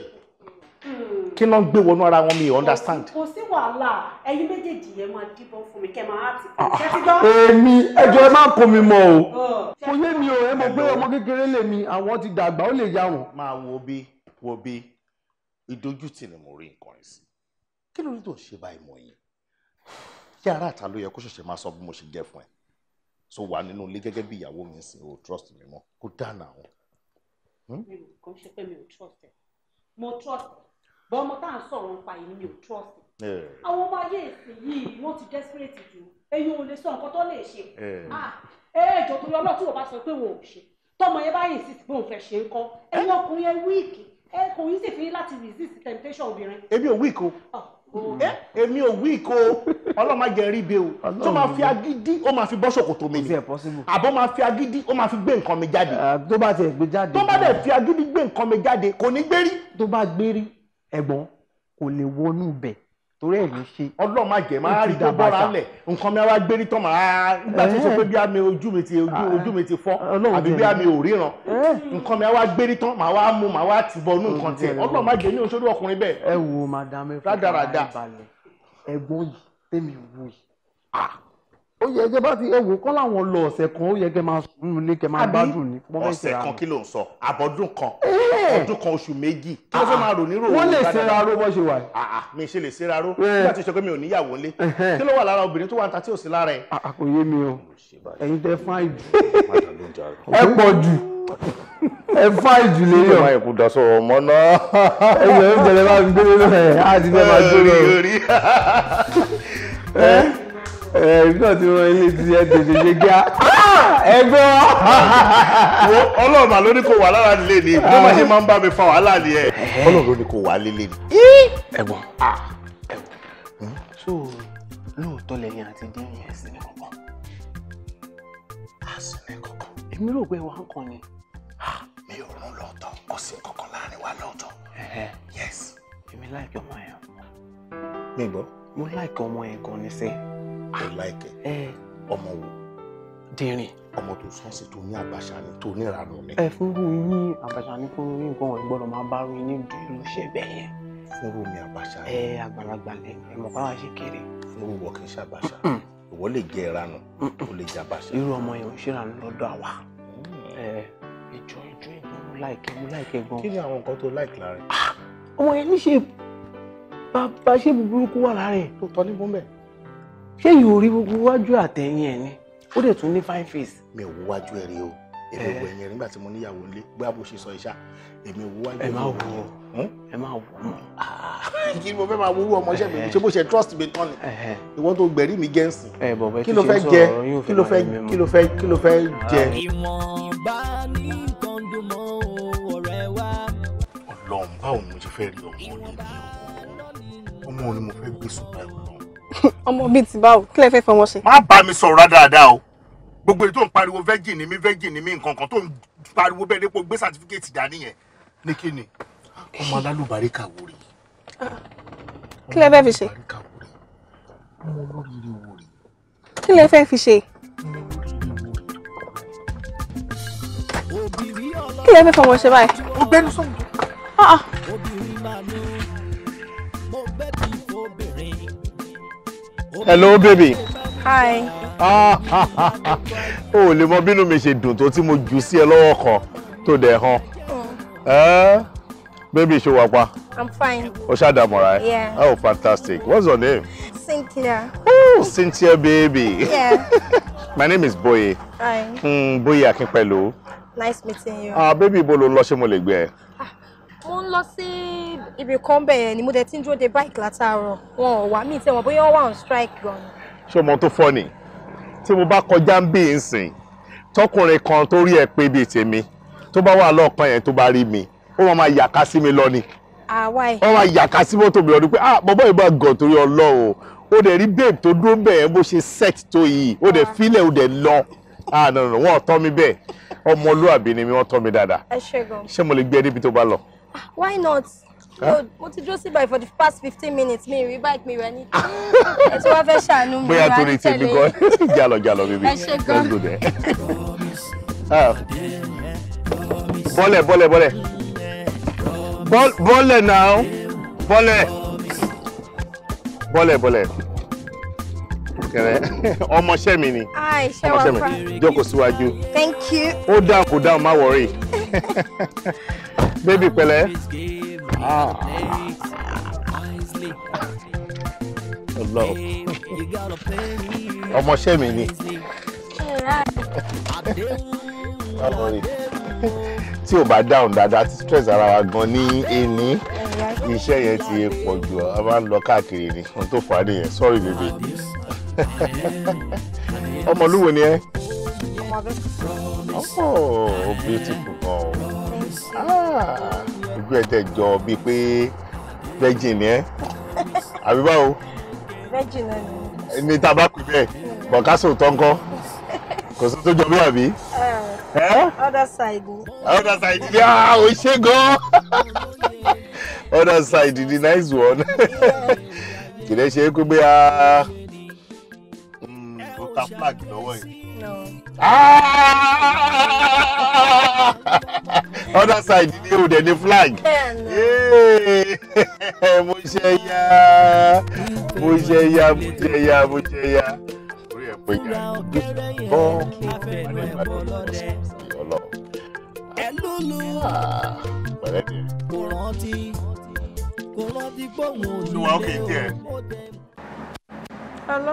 kí ló ń gbé wọnú ara wọn mi you understand. kò sí wàhálà ẹ̀yin méjèèjì yẹn máa díbọn fún mi kẹ máa ti fún mi. èmi ẹjọ́ ẹ máa kó mi mọ o kò yé mi o ẹ mọ̀ pé ọmọ kékeré lèmi àwọn ti dàgbà ó lè yá wọn. máa wo bí wo bí ìdójútì ni mo rí nǹkan rẹ sí kí ló ní tó ṣe báyìí mọ yàrá àtà ló yẹ kó ṣẹ̀ṣẹ̀ máa sọ bí mo ṣe jẹ́ fún ẹ so wà nínú ilé gẹ́gẹ́ bí ìyàwó mi sìn o trust mi mọ́ kó dáná o. Hmm? mi trust ẹ trust ẹ bọ́ ọmọ tá à ń sọ̀rọ̀ nípa yìí mi ò trust ẹ eh. àwọn ọmọ ayé ìsìn yìí wọ́n ti desperate jù eyín ò lè sọ nǹkan tó lè ṣe eh. Ah, eh, ẹ ẹ jọ torí ọlọ́tún wọn bá sọ pé wọn ò ṣe tọmọ yẹn bá yìn sí pé òun fẹ́ ṣe ń kọ́ ẹ̀yin ọkùnrin ẹ wíìkì ẹ kò yín sì fi láti resist temptation obìnrin. ebi ò wíìkì o. Ah èmi ò wí ko ọlọ́run má jẹ́ ríbe o tó máa fi agídí ó máa fi bọ́ ṣòkòtò mi ni àbọ̀ máa fi agídí ó máa fi gbé nǹkan mi jáde. tó bá tẹ̀ gbé jáde. tó bá dẹ̀ fi agídí gbé nǹkan mi jáde kò ní gbérí. tó bá gbérí ẹ̀gbọ́n kò lè wọnú bẹ̀ torí ẹ̀ ní ṣe. ọlọ́run máa jẹ́ máa rí tó bọ́ra lẹ̀ nǹkan mi wá gbérí tán máa nígbà tó sọ pé bí àmì ojú mi ti ojú mi ti fọ́ àbí bí àmì ò nǹkan mi wá gbérí tán máa wá mú máa wá ti bọ inú nǹkan tiẹ̀ ọlọ́run máa jẹ́ ní oṣooṣù ọkùnrin bẹ́ẹ̀. ẹ wo madam ẹ fún mi balẹ̀ yìí tèmi wù yìí ah ó yẹ ẹgẹ bá ti ẹ wò kán láwọn lọ ọ̀sẹ̀ kan ó yẹ kẹ máa sùn ní kẹ máa gbádùn ní. ọ̀sẹ̀ kan kí ló ń sọ àbọ̀dún kan ọdún kan oṣù méjì kí ló fẹ́ ah, máa rò nírò. wọ́n lè ṣera ró bó ṣe wà. Ah, ah, mi ṣe lè ṣera ró nígbà tí ìṣọ́gbé mi ò níyàwó lé kí ló wà lára obìnrin tó wà níta tí ò sí lára ẹ̀. kò yé mi o ẹ̀yin tẹ fáì jù ẹ pọ̀ jù ẹ fáì jù lè yọ. ìmọ̀ ìkúdà sọ̀rọ̀ mọ́ náà. ẹ jẹ́ ẹ jẹ́ ẹ bá mi gbé lórí ẹ̀ á ti fẹ́ máa gbé lórí. ẹ̀rí náà ti rán ilé ti ẹ̀ tètè ṣe gíá ah! ẹgbẹ́ wa. ọlọ́ọ̀bà ló kò wà lára nílé ni bí wọ́n ṣe máa ń bá mi fa wàhálà ni ẹ̀. ọlọ́ọ̀bà ló ní kò wà lílé ni. ẹ̀gbọ́n ah! hmm? so lóòótọ́ lẹ́yìn àti dín yẹn sí ní kankan á sí ní kankan. èmi rò pé wàá kàn ni. Ah! mi ò rún lọ́tọ̀ kò sí kankan láàrin wa lọ́tọ̀. yes. èmi láìpẹ́ ọmọ yẹn. mi gbọ́ mo like ọmọ yẹn gan ni sẹ. mo like ẹ ọmọ wo. dìrín. ọmọ tó sọ́ọ̀sì tó ní àbàṣà ni tó ní ìranù ni. ẹ fúnrú yín àbàṣà ni fúnrú yín gan ọ̀rẹ́ gbọ́dọ̀ máa bá ru yín dùn ṣe bẹ́ẹ̀ yẹn. fúnrú mi àbàṣà ni. ẹ àgbàlagbà lẹ ẹ mọ̀ báwa ṣe kéré. fúnrú wọ kì í ṣàbàṣà ìwọ lè jẹ ìranù ó lè jẹ àbàṣà. irú ọmọ yẹn ò ṣèrànú lọ́dọ̀ àwa. Mm. ẹ ìjọ ìjọ ìjọ mo like mo like gan. kí ni àwọn nǹkan tó like lára ah! ọmọ yẹn ní ṣe bàbá ṣé burúkú wà lára ẹ̀ tó tọ́ ní bọ́m̀bẹ̀ ṣé yóò rí gbogbo wájú àtẹ̀yìn ẹ̀ ni ó dẹ̀ tún ní fine face. mi ò wo wájú ẹ rí o èmi wo ẹ̀yìn nígbà tí mo níyàwó ilé bóyá bó ṣe sọ iṣá èmi wo wájú ẹ máa wò ó ẹ máa wò hmm? ah, kí ni fẹ́ máa wúwo ọmọọṣẹ́ mi ṣé bó ṣe trust mi tán ni ìwọ tó gbẹ̀rí mi gẹ́ǹsì kí ló fẹ́ jẹ kí ló fẹ́ kí ló fẹ́ kí ló fẹ́ jẹ. Ah, ìwọ̀nba ní nǹkan dùn mọ́ ọ̀rẹ́ wa. ọlọ́run báwo mo fẹ́ rí ọmọ ọmọ ni mo fẹ́ gbé sùn báyìí lọ. ọmọ bíi ti báwo kí lẹ fẹ́ fọmọ ṣe. má bá mi sọ̀rọ̀ dáadáa o gbogbo èyí tó ń pariwo virgin ni mi virgin ni mi nǹkan kan tó ń pariwo bẹ́ẹ̀ dépò gbé certificate dání yẹn ní kí ni ọmọ alálùbáríkà wò rí. kí lẹ fẹ́ fi ṣe. ọmọ olóríire wò rí. kí lẹ fẹ́ fi ṣe. kí lẹ fẹ́ fọmọ ṣe báyìí. ó gbẹ́nu sọ̀rọ̀. Ah, ah. hello baby. hi. o ò lè mọ bínú mi ṣe dùn tó tí mo jù sí ẹ lọ́wọ́ kan tó dẹ̀ hàn. Oh. ẹ baby ṣe wà pa. i'm fine. o ṣàdàmọ̀ra ẹ. yeah. oh fantastic what's your name. cynthia. oh cynthia baby. yeah. my name is boye. hi. Mm, boye akínpẹ̀lú. nice meeting you. ah baby ibo ló ń lọ ṣé mo lè gbé ẹ. Ah, mo ń lọ sí ibì kan bẹ̀yẹn ni mo dẹ̀ ti ń dúró de bike látàárọ̀ wọn ò wá mí tẹ̀wọ̀n bóyá wọ́n wà on strike gan. ṣé o mọ tó fọ́ ni tí mo bá kọjá ń bí nsìn tọkùnrin kan tó rí ẹ pé bíi tèmi tó bá wà lọ́ọ̀kan yẹn tó bá rí mi ó máa yàká sí mi lọ ni ó máa yàká sí mọ́tò mi lọ ni pé ah bọ́bọ́ yìí bá gàn torí ọlọ́run ó dẹ̀ rí babe tó dúró bẹ́ẹ̀ bó ṣe sex tó yìí ó dẹ̀ ah. filẹ̀ ó dẹ̀ lọ ah no no wọn ò tọ́ mi bẹ́ẹ̀ ọmọlúwàbí ni mi wọ́n tọ́ mi dáadáa ṣé mo lè gbé ẹ e níbi tó bá lọ. Ah, why not mo ti dúró sí báyìí for the past fifteen minutes mi rí báyìí mi rẹ ní ah. ẹ tí wọ́n fẹ́ ṣàánú mi rà tẹ́lẹ̀ bóyá torí tèmi gan jálọ jálọ bíbí ẹ ṣe gan ah. bọ́lẹ̀ bọ́lẹ̀ bọ́lẹ̀ bọ́lẹ̀ now. bọ́lẹ̀ bọ́lẹ̀ bọ́lẹ̀ kẹrẹ ọmọọṣẹ́ mi ni ọmọọṣẹ́ mi jókòó síwájú thank you ó dáhùn kò dáhùn má wọrí bébì pẹ̀lẹ́. Ah. ọmọọṣẹ́ mi ni tí o bá dáhùn dáadáa ti stress ara wa gan ní ẹni iṣẹ́ yẹn ti pọ̀ jù ọ máa ń lọ káàkiri ni ohun tó fà á nìyẹn sorry baby ọmọlúwo ni ẹ ọmọ oh, beautiful gan ah. o ojú ẹ̀ tẹ̀ jọ bíi pé virgin ni àbí báwo. virgin náà ni. ní tá bá pè bẹ́ẹ̀ bọ̀kásò tó ń kọ́ kò sí tó jọ bí àbí. Ah, other side ni. other side ni ah o ṣe gan. other side ni nice one. kì í ṣe é pé bóyá hmm, ó ta flag lọ́wọ́ yìí. Ah! other side ni o dẹ̀ ni flag mo ṣe ya mo ṣe ya mo ṣe ya mo ṣe ya orí ah! kò rántí kò rántí gbóhùn òní. hello.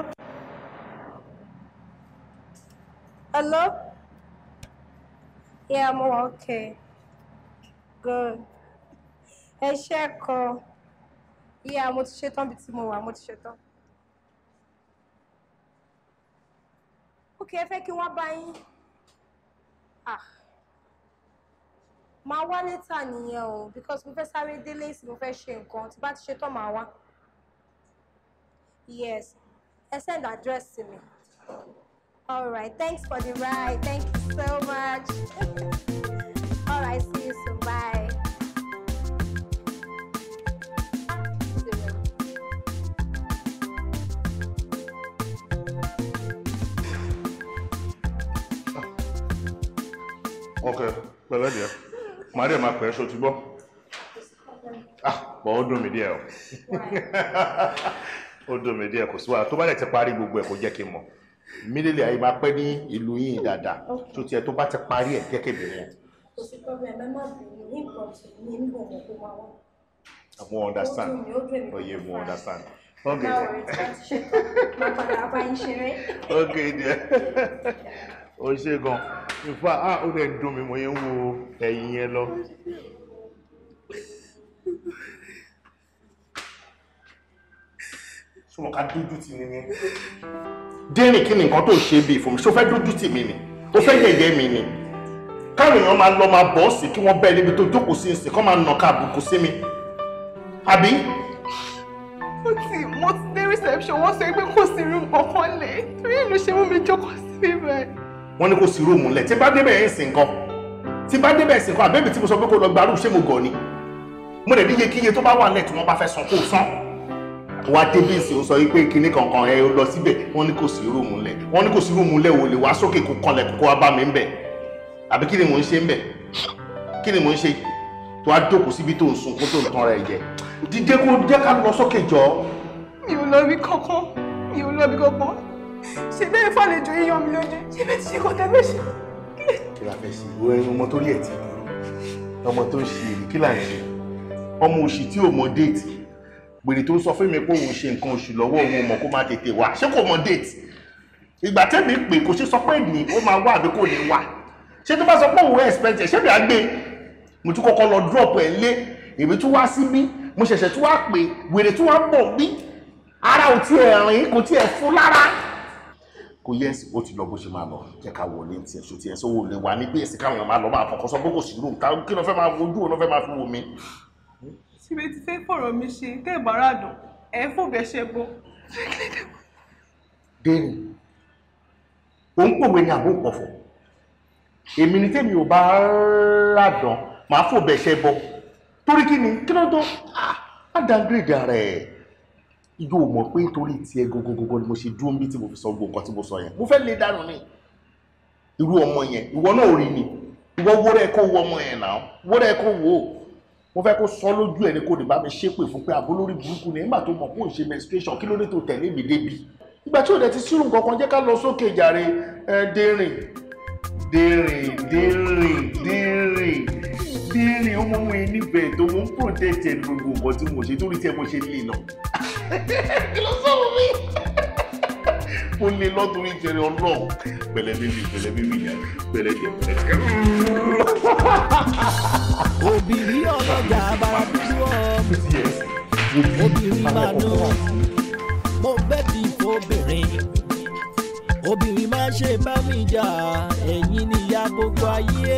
Hello? Yeah, I'm okay. Good. Ẹ ṣe kan. Yeah, mo ti ṣetán bit tí mo wà, mo ti Okay, ẹ fẹ́ kí wọ́n bá yín. Ah. Màá wá létà nìyẹn because mo fẹ́ sáré délé sí mo fẹ́ ṣe nǹkan, tí bá ti ṣetán màá wá. Yes, ẹ send address to me. All right. Thanks for the ride. Thank you so much. All right. See you soon. Bye. Okay, pẹ̀lẹ́ díẹ̀. Màá dẹ̀ my pẹ̀ ẹ́ ṣo Ah, but ó dùn mí díẹ̀ o. Ó dùn mí díẹ̀ kò sí wàhálà. Tó bá dẹ̀ mílíọ̀nù àyè máa pẹ́ ní ìlú yìí dáadáa tó tiẹ̀ tó bá ti parí ẹ̀ jẹ́ kébìrì yẹn. kò sí problem ẹ má bínú ní nǹkan tí mi ń bọ̀ wọ́n kó máa wá. mo understand oye mo oh, understand. ok ok dear o ṣe gan in fact ah o dẹ̀ ń dùn mí mo yẹn ń wo ẹ̀yìn yẹn lọ. sọmọ ká dójú tì mí ni. dẹ́rìn kí ni nǹkan tó ṣe bíi fún mi ṣó fẹ́ dójú tì mí ni ó fẹ́ yẹ̀yẹ́ mi ni káwọn èèyàn máa lọ máa bọ̀ sí kí wọ́n bẹ́ẹ̀ níbi tó jókòó sí ìsìn kọ́ máa nà ká àbùkù sí mi àbí. mo ti mo ti dé reception wọ́n sọ pé kò sí rúùmù kankan lẹ̀ torí ìlú ṣe mú mi jókòó sí bíbẹ̀. wọ́n ní kò sí rúùmù lẹ̀ tí bá débẹ̀ yẹn sìn kan tí bá débẹ̀ sìn kan àbẹ́bí tí mo sọ pé kò lọ gbarú ṣé mo gọ̀ ni mo lè ní iye kíye tó bá wà lẹ̀ tí wọ́n bá fẹ́ san kó san wá débi ìsìn ó sọ wípé kinní kankan ẹ lọ síbẹ̀ wọ́n ní kò sí rúùmù lẹ̀ wọ́n ní kò sí rúùmù lẹ̀ wò lè wá sókè kó kọlẹ̀ kó wá bá mi ń bẹ̀ àbí kí ni mò ń ṣe ń bẹ̀ kí ni mò ń ṣe tó wá jókòó síbi tó ń sunkún tó ń tan ara ẹ̀ jẹ dídé kó jẹ́ ká lọ sókè jọ. mi ò lọ bí kankan mi ò lọ bí kankan ṣe bẹ́ẹ̀ fàlejò yíyan mi lójú ṣe bẹ́ẹ̀ ti ṣe kọ́tà bẹ́ẹ̀ ṣe. kí la fẹ́ ṣe ọmọ tó rí ẹ̀ ti ọmọ tó ń ṣe kí là ṣe ọmọ òṣì tí ò mọ déètì pèrè tó sọ fún mi pé òun ṣe nǹkan oṣù lọ́wọ́ òun mọ̀ kó má tètè wá ṣé kò mọ déètì ìgbà tẹ́mi pè kò ṣe sọ pé ní ó máa wá àbí kò ní wá ṣé tó bá sọ pé òun expect ẹ̀ ṣé mi á gbé mo tún kọ́kọ́ lọ drop ẹ̀ lé èmi tún wá síbí mo ṣẹ̀ṣẹ̀ tún wá pè wèrè tún wá bọ̀ bí ara ò tí ẹ̀ rìn kò tí ẹ̀ fún lára kò yẹ ẹsìn ó ti lọ bó ṣe máa lọ jẹ ká wọlé ní tiẹ̀ ṣòtí ẹ̀ sọ wò lè wà ní gbèsè káwọn máa lọ máa fọkàn sọ bó kò sí rúùn kí ló fẹ́ máa wojú òun ló fẹ́ máa fi wò mí tí mi ti fẹ́ fọ̀rọ̀ mi ṣe tẹ́ ẹ̀ bá rà dùn ẹ̀ fòbẹ̀ ṣe bọ́. dèrè ò ń pòwe ni àbò pọ̀fọ̀ èmi ni tèmi ò bá rà dùn màá fòbẹ̀ ṣe bọ́ torí kí ni kí ló tó ah, á downgrade ara ẹ̀ yóò mọ̀ pé nítorí tiẹ̀ gogogogo ni mo ṣe dúró níbi tí mo fi sọ gbogbo nǹkan tí mo sọ yẹn mo fẹ́ lè dànù ni irú ọmọ yẹn ìwọ náà rí ni ìwọ wọ́rẹ́ kó wọ ọmọ yẹn náà wọ́rẹ́ kó wò ó mo fẹ́ kó sọ lójú ẹ̀ ni kò ní bá mi ṣépè fún pé àbólórí burúkú ni nígbà tó mọ̀ kó ṣe menstruation kí ló dé tó tẹ̀lé mi débi ìgbà tí ò dẹ̀ ti sírù kankan jẹ́ ká lọ sókè jàre dèrìn dèrìn dèrìn dèrìn dèrìn ó mọ mú in níbẹ̀ tó mọ ń protect ẹ̀ gbogbo nǹkan tí mo ṣe torí tí ẹ mo ṣe lè nà kí ló sọ̀rọ̀ mi ó lé lọ́dún ní jẹrẹ ọlọ́run pẹ̀lẹ́ bíbí pẹ̀lẹ́ bíbí ìyá pẹ̀lẹ́ jẹ pẹ̀lẹ́. òbírí ọlọ́jà bára dúró obìnrin máa dùn mo gbẹ́bí obìnrin obìnrin máa ṣe bá mi jà ẹ̀yin níyà gbogbo ayé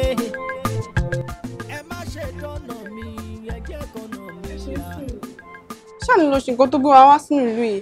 ẹ má ṣe dọ́nà mi ẹ̀jẹ̀ kan náà mi yá. ṣáà ni lo ṣe nǹkan tó gbé wa wá sínú ìlú yìí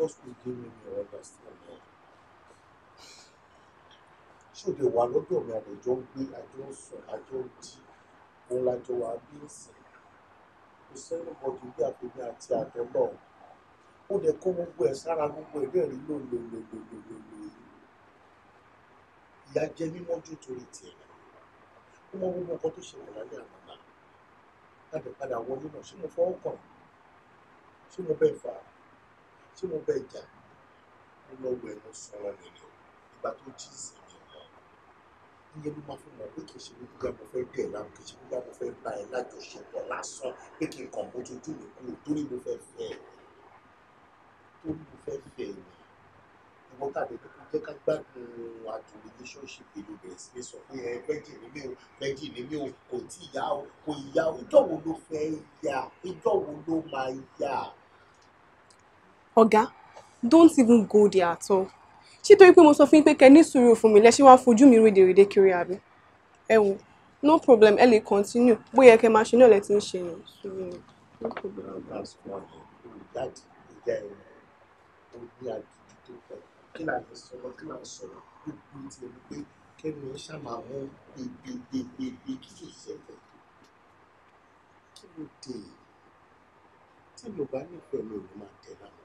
gospel dey wey we understand now ṣòde wà lọ́dọ̀ I don't. ń gbé àjọ ń sùn àjọ ń jí òun lájọ wà bí ń sìn kò sẹ́yìn bọ́dù bí àpèmí àti àjọ náà ó dẹ̀ kó gbogbo ẹ̀ sára gbogbo ẹ̀ bẹ́ẹ̀ rí lòlòlòlòlòlò ìyá jẹ mímọ́ jù torí tiẹ̀ ó mọ gbogbo nǹkan tó ṣẹlẹ̀ lálẹ́ àná náà padà padà wọlé náà ṣé mo fọwọ́ kàn ṣé mo bẹ́ẹ̀ fà á tí mo bẹ jà mo lọ wẹ̀ mo sùn ọ̀rọ̀ mi ni o ìgbà tó jí sí mi ọ̀rọ̀ iye ló máa fún mọ̀ pé kì í ṣe gbogbo àmọ́ fẹ́ dẹ̀ láàmú kì í ṣe gbogbo àmọ́ fẹ́ bá ẹ lájọṣepọ̀ lásán pé kì í kàn bó tójú mi kúrò torí mo fẹ́ fẹ́ ẹ torí mo fẹ́ fẹ́ ẹ ni ìwọ tàbí kókó jẹ́ ká gbádùn àdùn relationship èlò bẹ̀rẹ̀ sí ní sọ pé ẹ fẹ́jì ní mi ò fẹ́jì ní mi ò kò tí ìyá o kò ìyá o ìjọ́ wo ló fẹ́ yà ìjọ́ wo ló máa yà ọ̀gá don't even go there at all ṣé torí pé mo sọ fún yín pé kẹ́ ní sùúrù fún mi lẹ́sẹ̀ wá fojú mi rédèrèdè kiri àbí ẹ wò no problem ẹ lè continue bóyá kẹ́ máa ṣe náà lẹ ti ń ṣe yẹn no problem. kí là ń sọ̀rọ̀ kí là ń sọ̀rọ̀ gbogbo ti ẹni ló dé tí mo bá nífẹ̀ẹ́ mi máa tẹ̀lé àwọn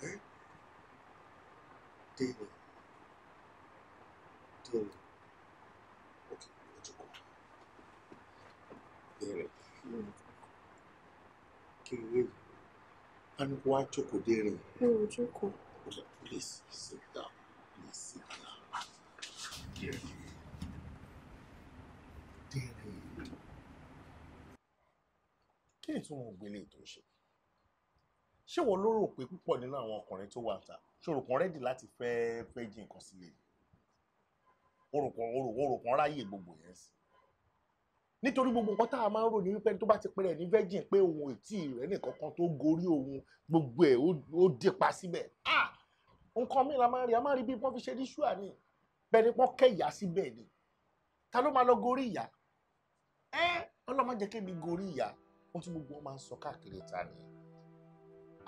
hein? Délé. Ok, ìwé tó kọ. Délé. Kí ni wéyìí? Panic wá jókòó Délé. Mi ò jókòó. Okay, please sit down. Please sit down. Délé. Délé. Kí ni tí ṣé wọ́n ló rò pé púpọ̀ nínú àwọn ọkùnrin tó wà ta ṣòro kan rẹ́dì láti fẹ́ fẹ́ jí nǹkan sílẹ̀ orùkàn orùkàn ráyè gbogbo yẹn sí nítorí gbogbo nǹkan tá a máa ń rò ní wípé tó bá ti pẹ́rẹ́ ní virgin pé òun ètí rẹ̀ nìkan kan tó gorí òun gbogbo ẹ̀ ó dépa síbẹ̀ nǹkan mi la máa rí a máa rí bí wọ́n fi ṣe ríṣùà ni bẹ́ẹ̀ ni wọ́n kẹ́ ìyá síbẹ̀ ni ta ló máa lọ gorí ìyá ẹ ọlọ́mọ kébi gorí ìyá ohun tí gbogbo wọn máa ń sọ káàkiri ta nìyẹn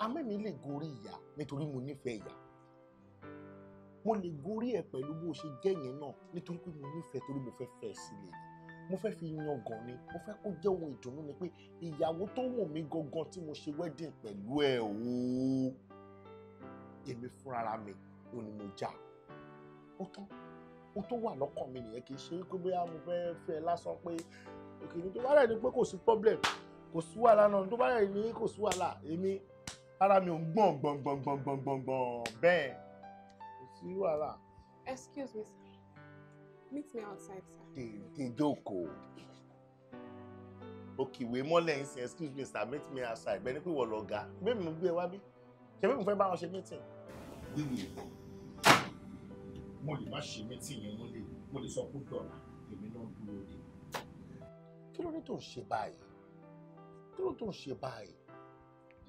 amẹ́mi lè gorí ìyá nítorí mo nífẹ̀ẹ́ ìyá mo lè gorí ẹ̀ pẹ̀lú bó ṣe jẹ́ yẹn náà nítorí pé mo nífẹ̀ẹ́ torí mo fẹ́ fẹ́ sílẹ̀ ni mo fẹ́ fi yan gan ni mo fẹ́ kó jẹ́ ohun ìdùnnú ni pé ìyàwó tó wù mí gangan tí mo ṣe wedding pẹ̀lú ẹ̀ ooo èmi fúnra mi ló ni mo já ó tán ohun tó wà lọ́kàn mi nìyẹn kì í ṣe pé bóyá mo fẹ́ fẹ́ lásán pé òkè ni tó bá rẹ̀ ni pé kò sí problem kò sí wàhálà náà tó bá rẹ̀ ni kò sí wàhálà èmi ara mi ò ń gbọ̀n gbọ̀n gbọ̀n gbọ̀n gbọ̀n gbọ̀n gbọ̀n bẹ́ẹ̀ kò sí wàhálà. excuse me sir meet me outside sir. dèdè jókòó òkìwé mọ́lẹ̀ ń sin excuse me sir meet me outside bẹ́ẹ̀ ni pé wọ́n lọ ga bẹ́ẹ̀ mi gbé wá bí ṣe bí mo fẹ́ bá wọn ṣe meeting. wíwì mo lè má ṣe meeting yẹn mo lè mo lè sọ pé dọ̀là èmi náà dúró de. kí ló dé tó ń ṣe báyìí kí ló dé tó ń ṣe báyìí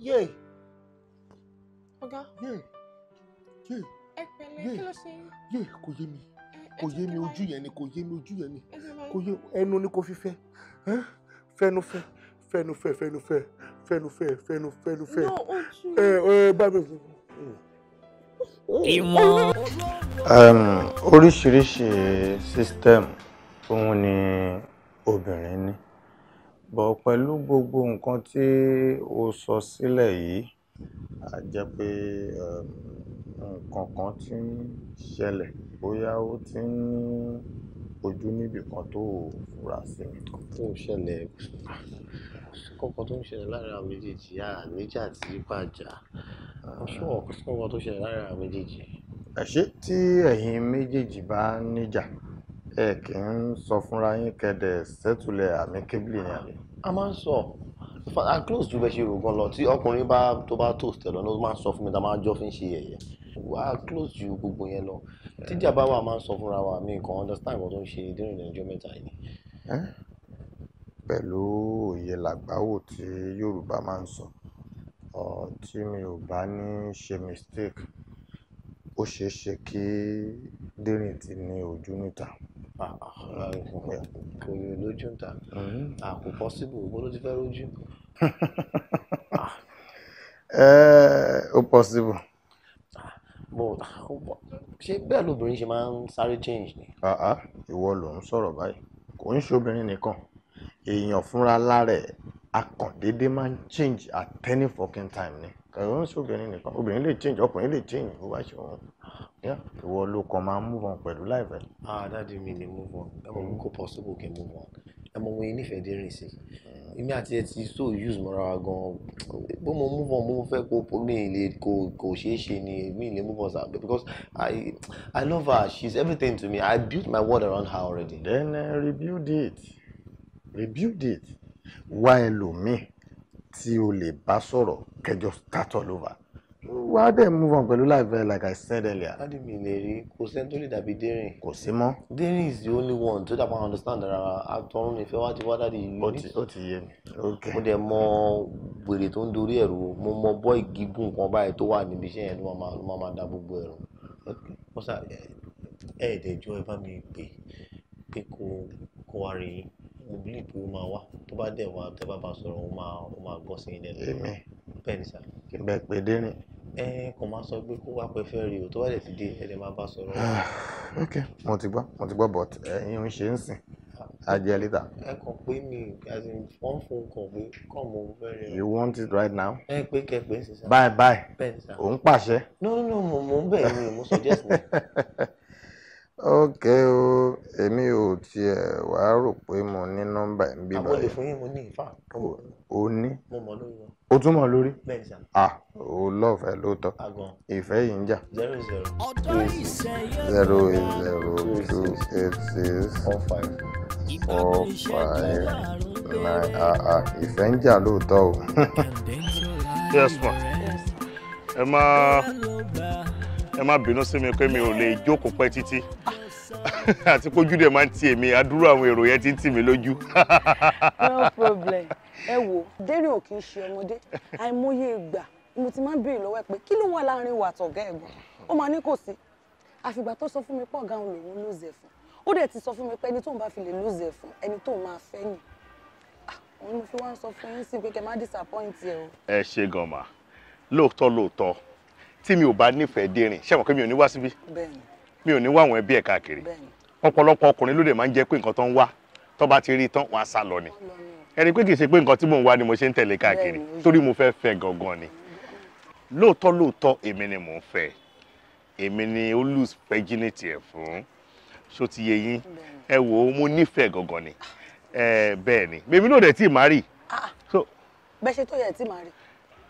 yéé ọ̀gá ẹ pẹ̀lẹ́ kí ló ṣe yín. kò yé mi kò yé mi ojú yẹn ni kò yé mi ojú yẹn ni kò yé ẹnu ni kò fi fẹ́ fẹnufẹ fẹnufẹ fẹnufẹ fẹnufẹ fẹnufẹ fẹnufẹ ẹ ẹ bá mi fún un ìmọ̀. um, oríṣiríṣi system òun ni obìnrin ní bọ̀ pẹ̀lú gbogbo nǹkan tí o sọ sílẹ̀ yìí a jẹ́ pé ehm, nǹkan kan ti ń ṣẹlẹ̀ bóyá ó ti ń ojú níbì kan tó ò fura sí. nǹkan tó ń ṣẹlẹ̀ kọ́kọ́ tó ń ṣẹlẹ̀ lára méjèèjì a níjà tí bàjá ọṣù ọ̀kọ́kọ́ tó ṣẹlẹ̀ lára méjèèjì. àṣé tí ẹ̀yin méjèèjì bá níjà ẹ kì í sọ fúnra yín kẹ́dẹ̀ sẹ́tùlẹ̀ àmì kébìlì ni àmì. a máa ń sọ father close ju bẹ ṣe rò gan lọ tí ọkùnrin bá tó bá toast ẹ lọ ló máa sọ fún mi tá a máa jọ fi ń ṣe yẹ̀yẹ́ wà á close ju gbogbo yẹn lọ tíjà bá wà máa ń sọ fúnra wa mi kàn understand nǹkan tó ń ṣe during ìjọ mẹ́ta yìí. pẹ̀lú òye làgbáwò tí Yorùbá máa ń sọ tí mi ò bá ní ṣe mistake ó ṣeé ṣe kí dírìn ti ní ojú níta. Ah, ah, ah, kò lójú níta àkó mm-hmm. possible bó ló ti fẹ́ rójú ó eh, possible. ṣé bẹ́ẹ̀ lóbìnrin ṣe máa ń sáré change ni. ìwọ ló ń sọ̀rọ̀ báyìí kò ń ṣobìnrin nìkan èèyàn fúnra lára ẹ̀ akàndédé máa man change at any fucking time ni kàwé ń ṣobìnrin nìkan obìnrin lè change ọkùnrin lè change bó bá ṣe wọn ìwọ ló kàn máa move on pẹ̀lú láìpẹ́. ah dáàdi mi ni move on ẹ mọ̀ kó possible kí move on àmọ́ mo yẹn nífẹ̀ẹ́ dé rìn sí èmi àti ẹ ti so use mọ́ra wa gan-an bó mo move on bó mo fẹ́ kó mi lè kò kò ṣeé ṣe ni mi lè move on sa because i i love her she's everything to me i built my world around her already. then uh, rebuild it rebuild it wá ẹlòmíì tí o lè bá sọ̀rọ̀ kẹjọ start all over wá dẹ̀ move on pẹ̀lú life eh, like I said earlier. láti mi lè rí kò sẹ́ni tó lè dàbí dẹ́rìn. kò sí mọ́. dẹ́rìn is the only one tó dàpọ̀ understand ara àtọ̀run ìfẹ́ wá ti wá dáadé ìlú. ó ti yé mi. mo dẹ̀ mọ wèrè tó ń dorí ẹ̀rù mo mọ bọ́ ìgígùn kan báyìí tó wà níbi iṣẹ́ yẹn ló máa máa da gbogbo ẹ̀rù. mọ́sá ẹ̀ẹ́dẹ̀jọ́ ẹ bá mi pè pé kó kó wá rí mo believe pé ó máa wá tó bá dẹ̀ wá tẹ́ bá bá sọ̀rọ̀ ó máa gbọ́ sí ilẹ̀ ẹ kò máa sọ pé kó wá pé fẹ́ rí o tó bá dẹ̀ ti dé ẹ̀dẹ̀ máa bá sọ̀rọ̀. Ah, ok mo ti gbọ́ mo ti gbọ́ but ẹ̀yin ń ṣe ń sìn ajẹ́ lítà. ẹ kàn pé mi as in wọ́n fún un kàn pé kàn mo fẹ́ rí you want it right now. ẹ pé kẹ pé sísan. bye bye òun pàṣẹ. no no no mo mo bẹ̀ ẹ́ mi mo suggest mi. Okay o, èmi ò tiẹ̀ wá rò pé mo ní nọ́mbà ń bí ah, báyìí. Àwọn olè fún yín mo ní ìfà. O ní. Mo mọ̀ lórí wọn. O tún mọ̀ lórí. Bẹ́ẹ̀ni sà. Ah, o lọ́ọ̀fẹ́ lóòótọ́. Àgàn. Ìfẹ́ yìí ń jà. Zero zero. Ọ̀dọ́ ìṣẹ́yẹ́. Zero eight zero two eight six. Four five. Four five nine. Ah ah, ìfẹ́ ń jà lóòótọ́ o. Yes ma. Ẹ máa ẹ má bínú sí mi pé mi ò lè jókòó pẹ́ títí àti pójú dẹ̀ máa ń ti èmi àdúrà àwọn èrò yẹn ti ń tì mí lójú. no problem ẹ wo dérìn ò kì í ṣe ọmọdé àìmọye ìgbà mo ti máa ń béèrè lọ́wọ́ ẹ pé kí ló wà láàrin ìwà àtọ̀gá ẹ̀gbọ́n ó máa ní kò sí àfìgbà tó sọ fún mi pé ọ̀gá òun lòun lóòzẹ̀ fún ó dẹ̀ ti sọ fún mi pé ẹni tóun bá fi lè lóòzẹ̀ fún ẹni tóun máa fẹ́ yìn ah, òun ló fi wá ń sọ fún yín sí pé kẹ má disappoint ẹ o. ẹ ṣe gan ma lóòótọ́ lóòótọ́ tí mi ò bá nífẹ̀ẹ́ dérin ṣẹ́wọ̀n pé mi ò ní wá síbí mi ò ní wá àwọn ẹbí ẹ̀ káàkiri ọ̀pọ̀lọpọ̀ ọkùnrin ló lè máa ń jẹ́ pé nǹkan tó ń wá tó bá ti rí tán wọ́n á sá lọ ni ẹni pé kì í ṣe pé nǹkan tí mò ń wá ni mo ṣe ń tẹ̀lé káàkiri torí mo fẹ́ fẹ́ gangan ni lóòótọ́ lóòótọ́ èmi ni mò ń fẹ́ èmi ni ó lose virginity ẹ̀ fún ṣó ti yé yín ẹ wò ó mo nífẹ̀ẹ́ gangan ni bẹ́ẹ̀ ni bèmi náà dẹ̀ tí ì má rí. Ah, ah. bẹ́ẹ̀ ṣe tó yẹ tí ì má rí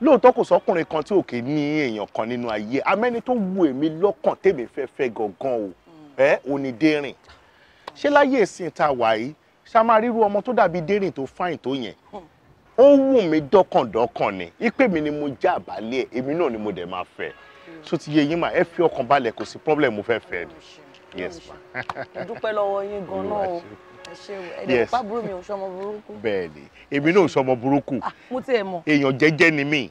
lóòótọ́ kò sọ́kùnrin kan tí òkè ní èèyàn kan nínú ayé amẹ́ni tó wù èmi lọ́kàn tèmi fẹ́ fẹ́ gangan o hmm. ẹ òní dérìn ṣé láyé ìsìn tá a wà yìí ṣá máa ríru ọmọ tó dàbí dérìn tó fáìn tó yẹn hmm. ó wù mí dọ́kàndọ́kàn ni ìpè mi ni mo já àbálẹ̀ èmi náà ni mo dẹ̀ máa fẹ́ so hmm. ti yé yín mà ẹ fi ọkàn balẹ̀ kò sí problem mo fẹ́ fẹ́ ni. yes ma. dúpẹ́ lọ́wọ́ yín gan-an o ẹ ṣe o ẹ̀dẹ̀ pa burú mi ò sọmọ burúkú. bẹ́ẹ̀ni èmi náà ò sọmọ burúkú ah, èèyàn jẹ́jẹ́ ni mí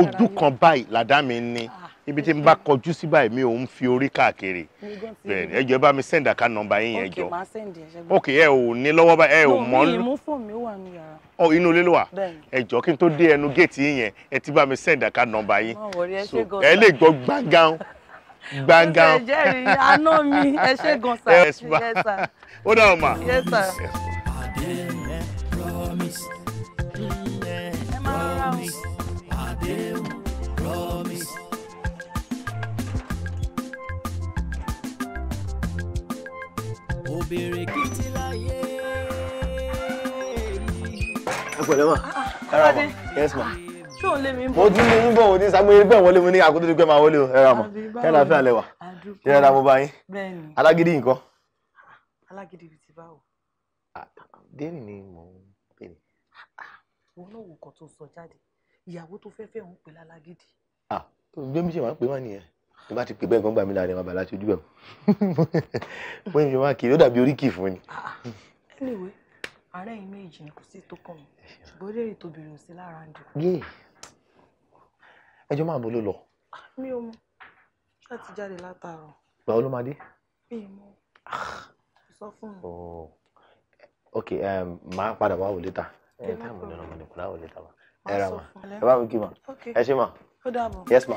ojú kan báyìí làdá mi ní ah, ibi tí n bá kọjú sí báyìí mi ò ń fi orí káàkiri bẹ́ẹ̀ni ẹ jọ̀ọ́ ẹ bá mi send àká nọ́mbà yín yẹn jọ ok ẹ ò ní lọ́wọ́ báyìí ẹ ò mọ̀ ní. mo fò mí wà ní yàrá. ọ inú ilé ló wà ẹ kí n tó dé ẹnu géètì yín yẹn ẹ ti bá mi send àká nọ́mbà yín ẹ lè gbọ́ gbàngàn gbàngàn. mo fẹ́ jẹ́rìí àná mi ẹ ṣe gan sa. yes ma ó dà ọ́ ma. yes sir. obìnrin kì í ti láyé ẹ pẹ̀lẹ́ ma. kára ah, ah. ma yes ma. Ah ṣé òun lé mi bọ̀. mo tún lé yín bọ̀ òní sagbóyè bẹ́ẹ̀ wọlé mo ní àkótó dípẹ́ máa wọlé o ẹ ra mọ̀ ẹ ra fẹ́ àlẹ́ wà ẹ ra mo bá yín alágídí nǹkan. alágídí bíi ti báwo. dẹ́rì ni mò ń pè ní. wọn náà wò kàn tó sọ jáde ìyàwó tó fẹ́ fẹ́ òun pè lálágídí. bí mi ṣe máa ń pè má nìyẹn tó bá ti pè bẹ́ẹ̀ gbọ́ngbà mi lára ẹ̀ máa bàlá ṣojú ẹ̀ mo ń ṣe máa kiri ó dàbí oríkì fún ni. anyway àárẹ̀ yìí méjì ni kò sí tó kàn mí ṣùgbọ́n ó lè rí tóbi rò sí lára ń dùn ẹjọ́ máa ń bolo lọ. mi ò mọ ṣáà ti jáde látàárọ̀. gbà ó ló máa dé. mi ò mọ sọ fún mi. Oh. ok máa padà wá wò létà ẹ tí àwọn ènìyàn ọmọdé kò láwò létà wa ẹ ra ma ẹ bá mi kí ma ẹ ṣe ma yes ma.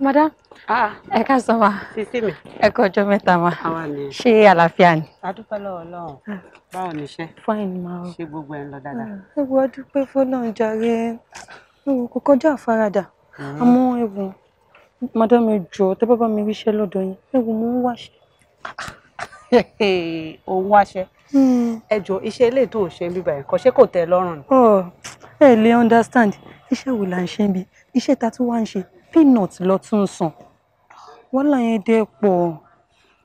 madam ah. ẹ ká sọ ma ẹ kọ ọjọ́ mẹ́ta ma ṣé àlàáfíà ni. adúpẹ́ lọ́wọ́ lọ́wọ́ ah. báwo ni iṣẹ́. fine ma o ṣé gbogbo ẹ̀ ń lọ dáadáa. Ah, ẹ wo adúpẹ́ fọlọ́run jàre ewu kò kọjá àfaradà mm-hmm. àmọ́ ewu madam ẹ jọ̀ọ́ tẹ́ bá bá mi ríṣẹ́ lọ́dọ̀ yín ewu mo ń wáṣẹ́. òun wáṣẹ́ hmm. ẹ jọ̀ọ́ iṣẹ́ eléyìí tó ṣe ń bíbá ẹ̀ kọ́ ṣé kò tẹ́ lọ́rùn ni. Oh, ẹ lè understand iṣẹ́ wo là ń ṣe bí iṣẹ́ ta tún wá ń ṣe peanut lọ tún sàn wàhálà yẹn dẹ́ pọ̀.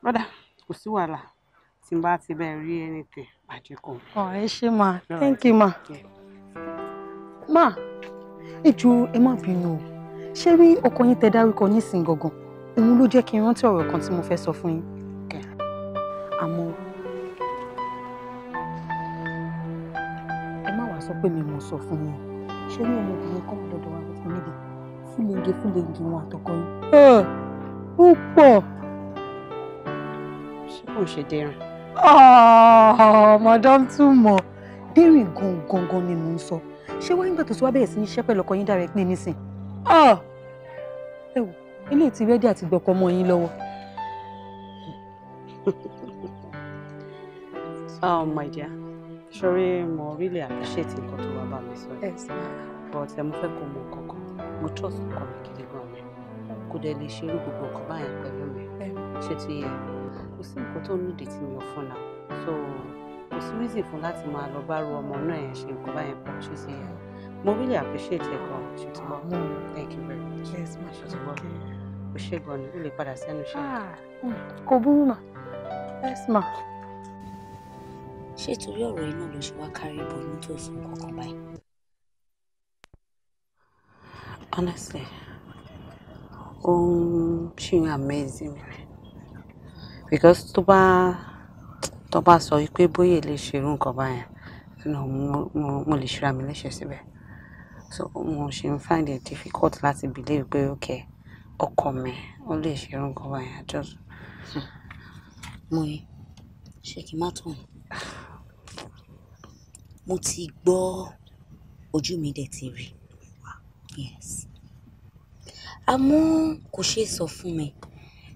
bọ́dà kò sí wàhálà tí n bá ti bẹ́ẹ̀ rí ẹni tẹ̀ àjẹkù. ọ̀ ẹ ṣe ma thank you ma. ma ẹ jù ẹ má bínú o ṣé rí ọkọ yín tẹ dárúkọ yín sìn gangan òun ló jẹ́ kí n rántí ọ̀rọ̀ kan tí mo fẹ́ sọ fún yín. àmọ́ ẹ má wàá sọ pé mi mò ń sọ fún yín ṣé ní ọmọbìnrin kan lọ́dọ̀ wa fúlẹ̀ǹgẹ fúlẹ̀ǹgẹ wọn àtọkọ yín. ó eh, pọ̀. ṣé kò ṣe dẹrùn. Ah, madam tún mọ̀ dẹ́rìn gangan ni mò ń sọ ṣé wọ́n ń gbà tó sọ wá bẹ̀rẹ̀ sí ní iṣẹ́ pẹ̀lú ọkọ yín dára pé nísìn. Ah. ẹ wò eléyìí ti rẹ́dí àti gbọ́kọ ọmọ yín lọ́wọ́. Oh, my dear. Sorry, mo really appreciate nǹkan tó wá bá mi sọ. Yes, But ẹ eh, mo fẹ́ kó mọ nǹkan mo trust ọkọ mi gidi gan ni kò dẹ̀ lè ṣerú gbogbo nǹkan báyẹn pẹ̀lú mi ṣé ti yẹ kò sí nǹkan tó nídìí tí mi ò fún so kò sí reason fún láti máa lọ bá ru ọmọ náà yẹn ṣe nǹkan báyẹn pọ̀ ṣé ti yẹ mo really appreciate ẹ gan ṣe ti bọ thank you very much yes ma ṣe ti bọ o ṣe gan ni o lè padà sẹ́nu ṣe. Ah, hmm, kò burú mà yes ma. ṣé torí ọ̀rọ̀ iná ló ṣe wá kárí ibò ní tó sùn kankan báyìí honestly ó she amazing. ń amaze mi rẹ because tó bá tó bá sọ wípé bóyá lè ṣe irú nǹkan báyẹn mo lè run mi léṣe so mo she find it difficult láti believe pé okay. ọkọ mi ó lè ṣe irú nǹkan just. Hmm. mo she ṣe kí n má tàn mo ti gbọ́ ojú mi dẹ̀ ti rí Yes. Àmọ́ kò ṣeé sọ fún mi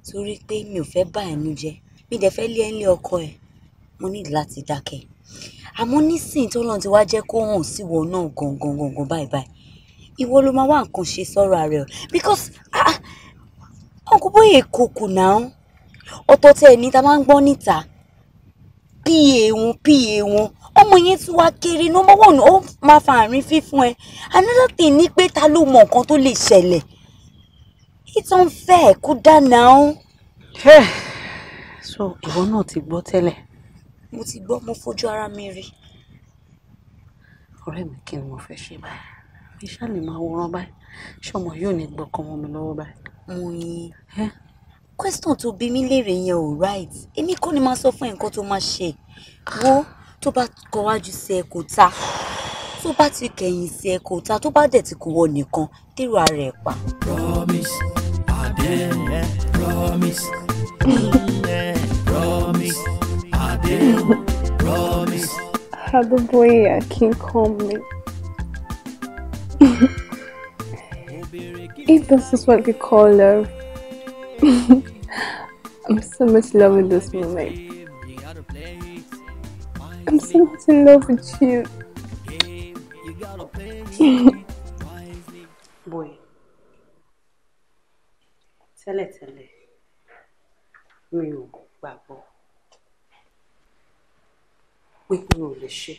torí pé mi ò fẹ́ bà ẹ́ nú jẹ́. Mi dẹ̀ fẹ́ lé ẹ nílé ọkọ ẹ. Mo need láti dákẹ́. Àmọ́ nísìnyí t'Ọlọ́run ti wá jẹ́ kó hàn sí ìwọ náà gangan gangan báyìí báyìí. Ìwọ lo máa wá nǹkan ṣe sọ́rọ̀ ara o. Because ah, ah Uncle Boye kòkò now. Ọ̀tọ̀ tí ẹni a máa ń gbọ́ níta. PA wọn PA wọn ọmọ yẹn ti wá kiri number one ó máa fa àárín fífún ẹ another thing ni pé ta ló mọ nǹkan tó lè ṣẹlẹ̀ it's unfair kó dáná o. so ìwọ náà ti gbọ́ tẹ́lẹ̀. mo ti gbọ́ mo fojú ara mi rí. ọ̀rẹ́ mi kí ni mo fẹ́ ṣe báyìí mi ṣáà lè máa wòran báyìí ṣé ọmọ yóò ní gbọ̀kan mọ́ mi lọ́wọ́ báyìí. mo yin question tó bí mi léèrè yẹn ò right èmi kọ́ ni máa sọ fún ẹ̀ nǹkan tó máa ṣe wo. Ah tó bá kọwájú sí ẹ kò ta tó bá ti kẹ̀yìn sí ẹ ta tó bá dẹ̀ ti kò wọ nìkan dèrò ara ẹ̀ pa. promise adé promise promise adé promise. Adébóyè Akínkànmí. If this is what we call love, I'm so much love in this moment. I'm so in love with you. Boy, tẹ́lẹ̀tẹ́lẹ̀ mi ò gbàgbọ́ pé mi ò lè ṣe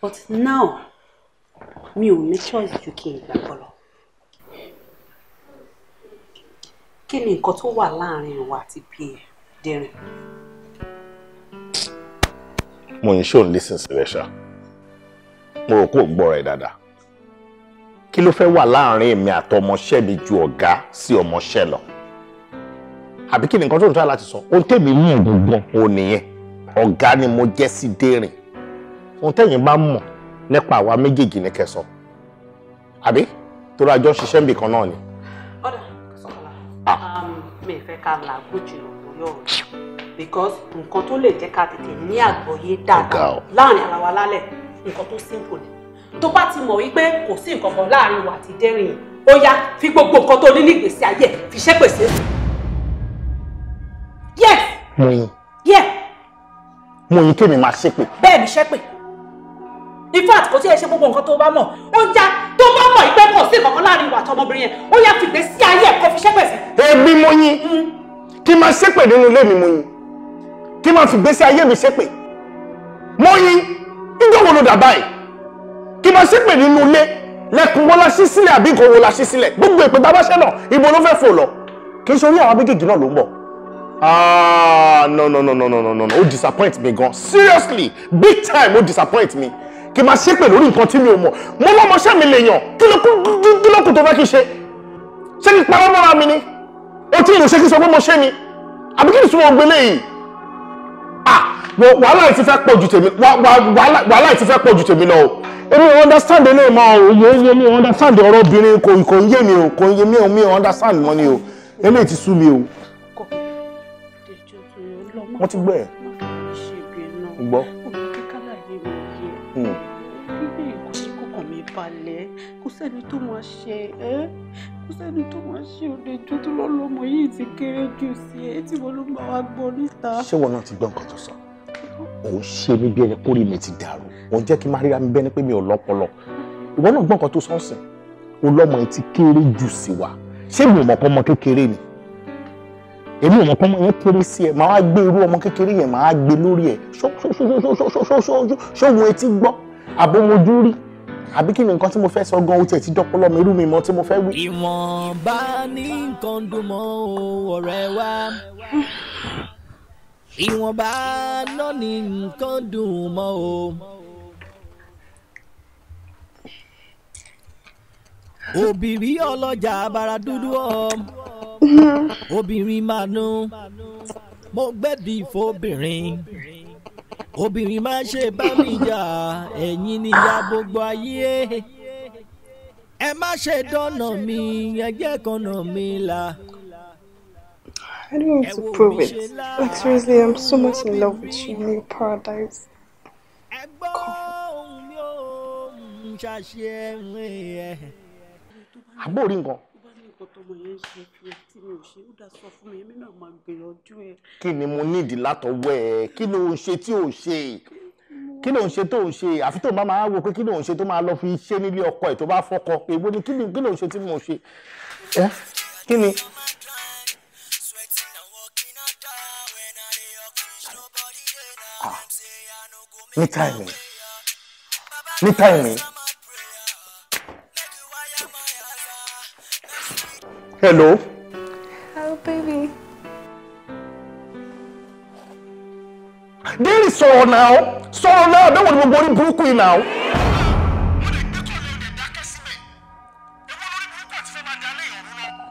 but now mi ò ní choice you kí n gbàgbọ́ lọ. kí ni nǹkan tó wà láàrin ìwà àti bíi mo ní ṣóun listen sí rẹ ṣá mo rò pé ò ń gbọ́ rẹ dáadáa kí ló fẹ́ wà láàrin èmi àtọmọṣẹ́ mi ju ọ̀gá sí ọmọṣẹ́ lọ àbí kí ni nǹkan tó ń tọ́ láti sọ ohun tèmi mú gbọ̀ngàn òun nìyẹn ọ̀gá ni mo jẹ́ sí dérìn ohun tẹ̀yin bá mọ̀ nípa àwa méjèèjì ní kẹsàn àbí tó ra ṣiṣẹ́ níbì kan náà ni. ọ̀dà sọ̀rọ̀ ah. um, mi ì fẹ́ ká làágùn jù lórí ọ̀rọ̀ because nǹkan tó lè jẹ́ ká tètè ní àgbọ́yé dáadáa láàrin ara wa lálẹ́ nǹkan tó simple ni tó bá ti mọ̀ wípé kò sí nǹkan kan láàrin wa àti dẹ́rìn ó yá fi gbogbo nǹkan tó ní ní ìgbésí ayé fi ṣẹ́ pèsè. yes. mo yin. yẹ. mo yin kémi máa ṣépè. bẹ́ẹ̀ ni ṣépè in fact kò tí ẹ ṣe gbogbo nǹkan tó bá mọ̀ ó yá tó bá mọ̀ ìpẹ́ kò sí nǹkan kan láàrin wa àti ọmọbìnrin yẹn ó yá fi ìgbésí ayé ẹ̀kọ́ fi ṣépè sí. ẹbí mo yin kí n máa ṣépè nínú ilé mi mo yin kí máa fi gbésí ayé mi ṣépè mo yin ìjọ wo ló dà báyìí kí máa ṣépè nínú ilé lẹkùn wọn la ṣí sílẹ̀ àbí kò wo la ṣí sílẹ̀ gbogbo èpè tá a bá ṣẹ náà ibo ló fẹ́ fò lọ kì í ṣe orí àwọn méjèèjì náà ló ń bọ̀ ah no no no no no no no o disappoint me gan seriously big time o disappoint me kì máa ṣépè lórí nǹkan tí mi ò mọ̀ mo mọ̀ ọmọọṣẹ́ mi lè yàn kí ló kù tó fẹ́ kí ṣe ṣé kí parọ́ mọ́ra mi ni o tí ìròṣẹ́ kí sọ pé mo ṣe ni àbí wàhálà ti fẹ́ pọ̀ ju tèmi wàhálà ti fẹ́ pọ̀ ju tèmi lọ èmi ò understand eléyìí mọ́ o yé yé mi ò understand ọ̀rọ̀ obìnrin kò kò ń yé mi o kò ń yé mi ò mi ò understand mọ́ ni o eléyìí ti sú mi o. wọ́n ti gbẹ́ ẹ̀ gbọ́. Hmm. kò sẹ́ni tó máa ṣe ẹ́ kò sẹ́ni tó máa ṣe òdejò tó lọ́lọ́mọ yìí ti kéré jù sí ẹ tí mo ló máa wá gbọ́ níta. ṣé wọn náà ti gbọ́ nǹkan tó sọ ò ń ṣe mí bí ẹni kórìí mi ti dàrú ò jẹ́ kí n má ríra mi bẹ́ni pé mi ò lọ́pọlọ ìwọ náà gbọ́n kan tó sọ́ọ̀sìn o etí kéré jù sí wa ṣé mi ò mọ̀ pọ́nmọ kékeré ni èmi ò mọ̀ pọ́nmọ yẹn kéré sí ẹ màá gbé irú ọmọ kékeré yẹn màá gbé lórí ẹ ṣó wo etí gbọ́ àbó mojú rí àbí kí ni nǹkan tí mo fẹ́ sọ gan-an ó ti dọ́pọ́lọ́ mi irú mi mọ tí mo fẹ́ wí. ìwọ̀nba ní nǹkan dùn mọ́ ọ̀rẹ́ wa ìwọ̀nba lọ́ni nǹkan dùn mọ́ o. obìnrin ọlọ́jà abara dúdú ọ obìnrin mànú mo gbẹ̀bí fóbìnrin obìnrin má ṣe bá mi jà ẹ̀yin níyà gbogbo ayé ẹ má ṣe dọ́nà mi ẹ jẹ́ kọ́nà mi là. I don't need to prove it. Like seriously, I'm so much in love with you in paradise. àbó orí mo nídìí látọwọ́ ẹ kí ló ń ṣe tí ò ṣe kí ló ń ṣe tó ń ṣe àfi tó bá máa wo pé kí ló ń ṣe tó máa lọ fi ṣe nílé ọkọ ẹ tó bá fọkọ ni kí ló ń ṣe tí mo ṣe ẹ kí ní Me ní me. hello. hello baby. Dẹ́rì sọ̀rọ̀ náà now. náà bẹ́ẹ̀ wò ni gbogbo orí burúkú yìí náà.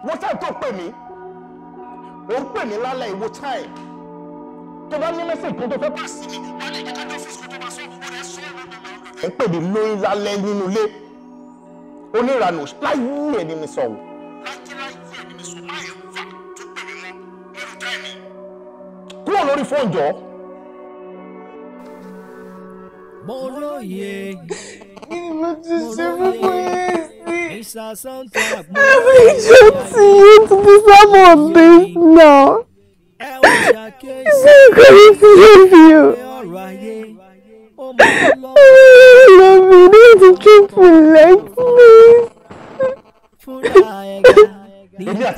wọ́n táì tó pè mí ò ń pè mí lálẹ́ ìwo táì tó bá ní mẹ́sẹ̀ kan tó fẹ́ pàṣẹ ẹ̀ ń pè mí lóyún lálẹ́ nínú ilé oníranù láyé ẹ̀ mi sọ̀rọ̀. kúrò lórí fóònù jọ. mo lóye mo ti ṣe fún bóyá sí. ẹ̀mí ìjọ tí yóò tún ti sábà dé náà. ṣé kò ní love me need to triple leg me.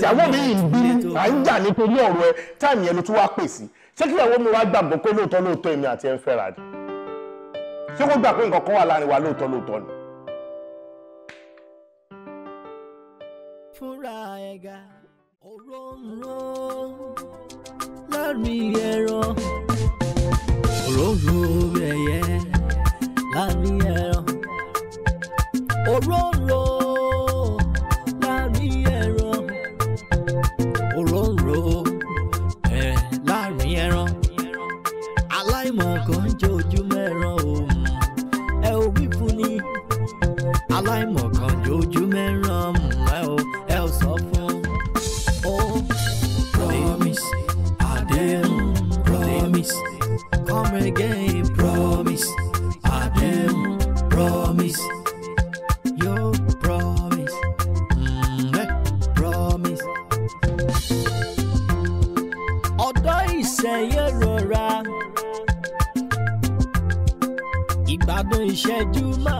àwọn mi yìí bí à ń jà nítorí ọ̀rọ̀ ẹ táìmì yẹn ló wá pè sí ṣé kí ìyàwó mi wá gbàgbọ́ pé lóòótọ́ lóòótọ́ èmi àti ẹ ń fẹ́ra ni ṣé kó gbà pé nǹkan kan wà láàrin wa lóòótọ́ lóòótọ́ ni. fúnra ẹ̀gà òróǹro láàrin ẹ̀rọ òróǹro ẹyẹ láàrin ẹran Ororo, láàrin ẹran Ororo, ẹ láàrin ẹran aláìmọ̀kan jẹ́ ojúmọ́ ẹran òun ẹ ò wí fún ni aláìmọ̀kan jẹ́ ojúmọ́ ẹran. Juma.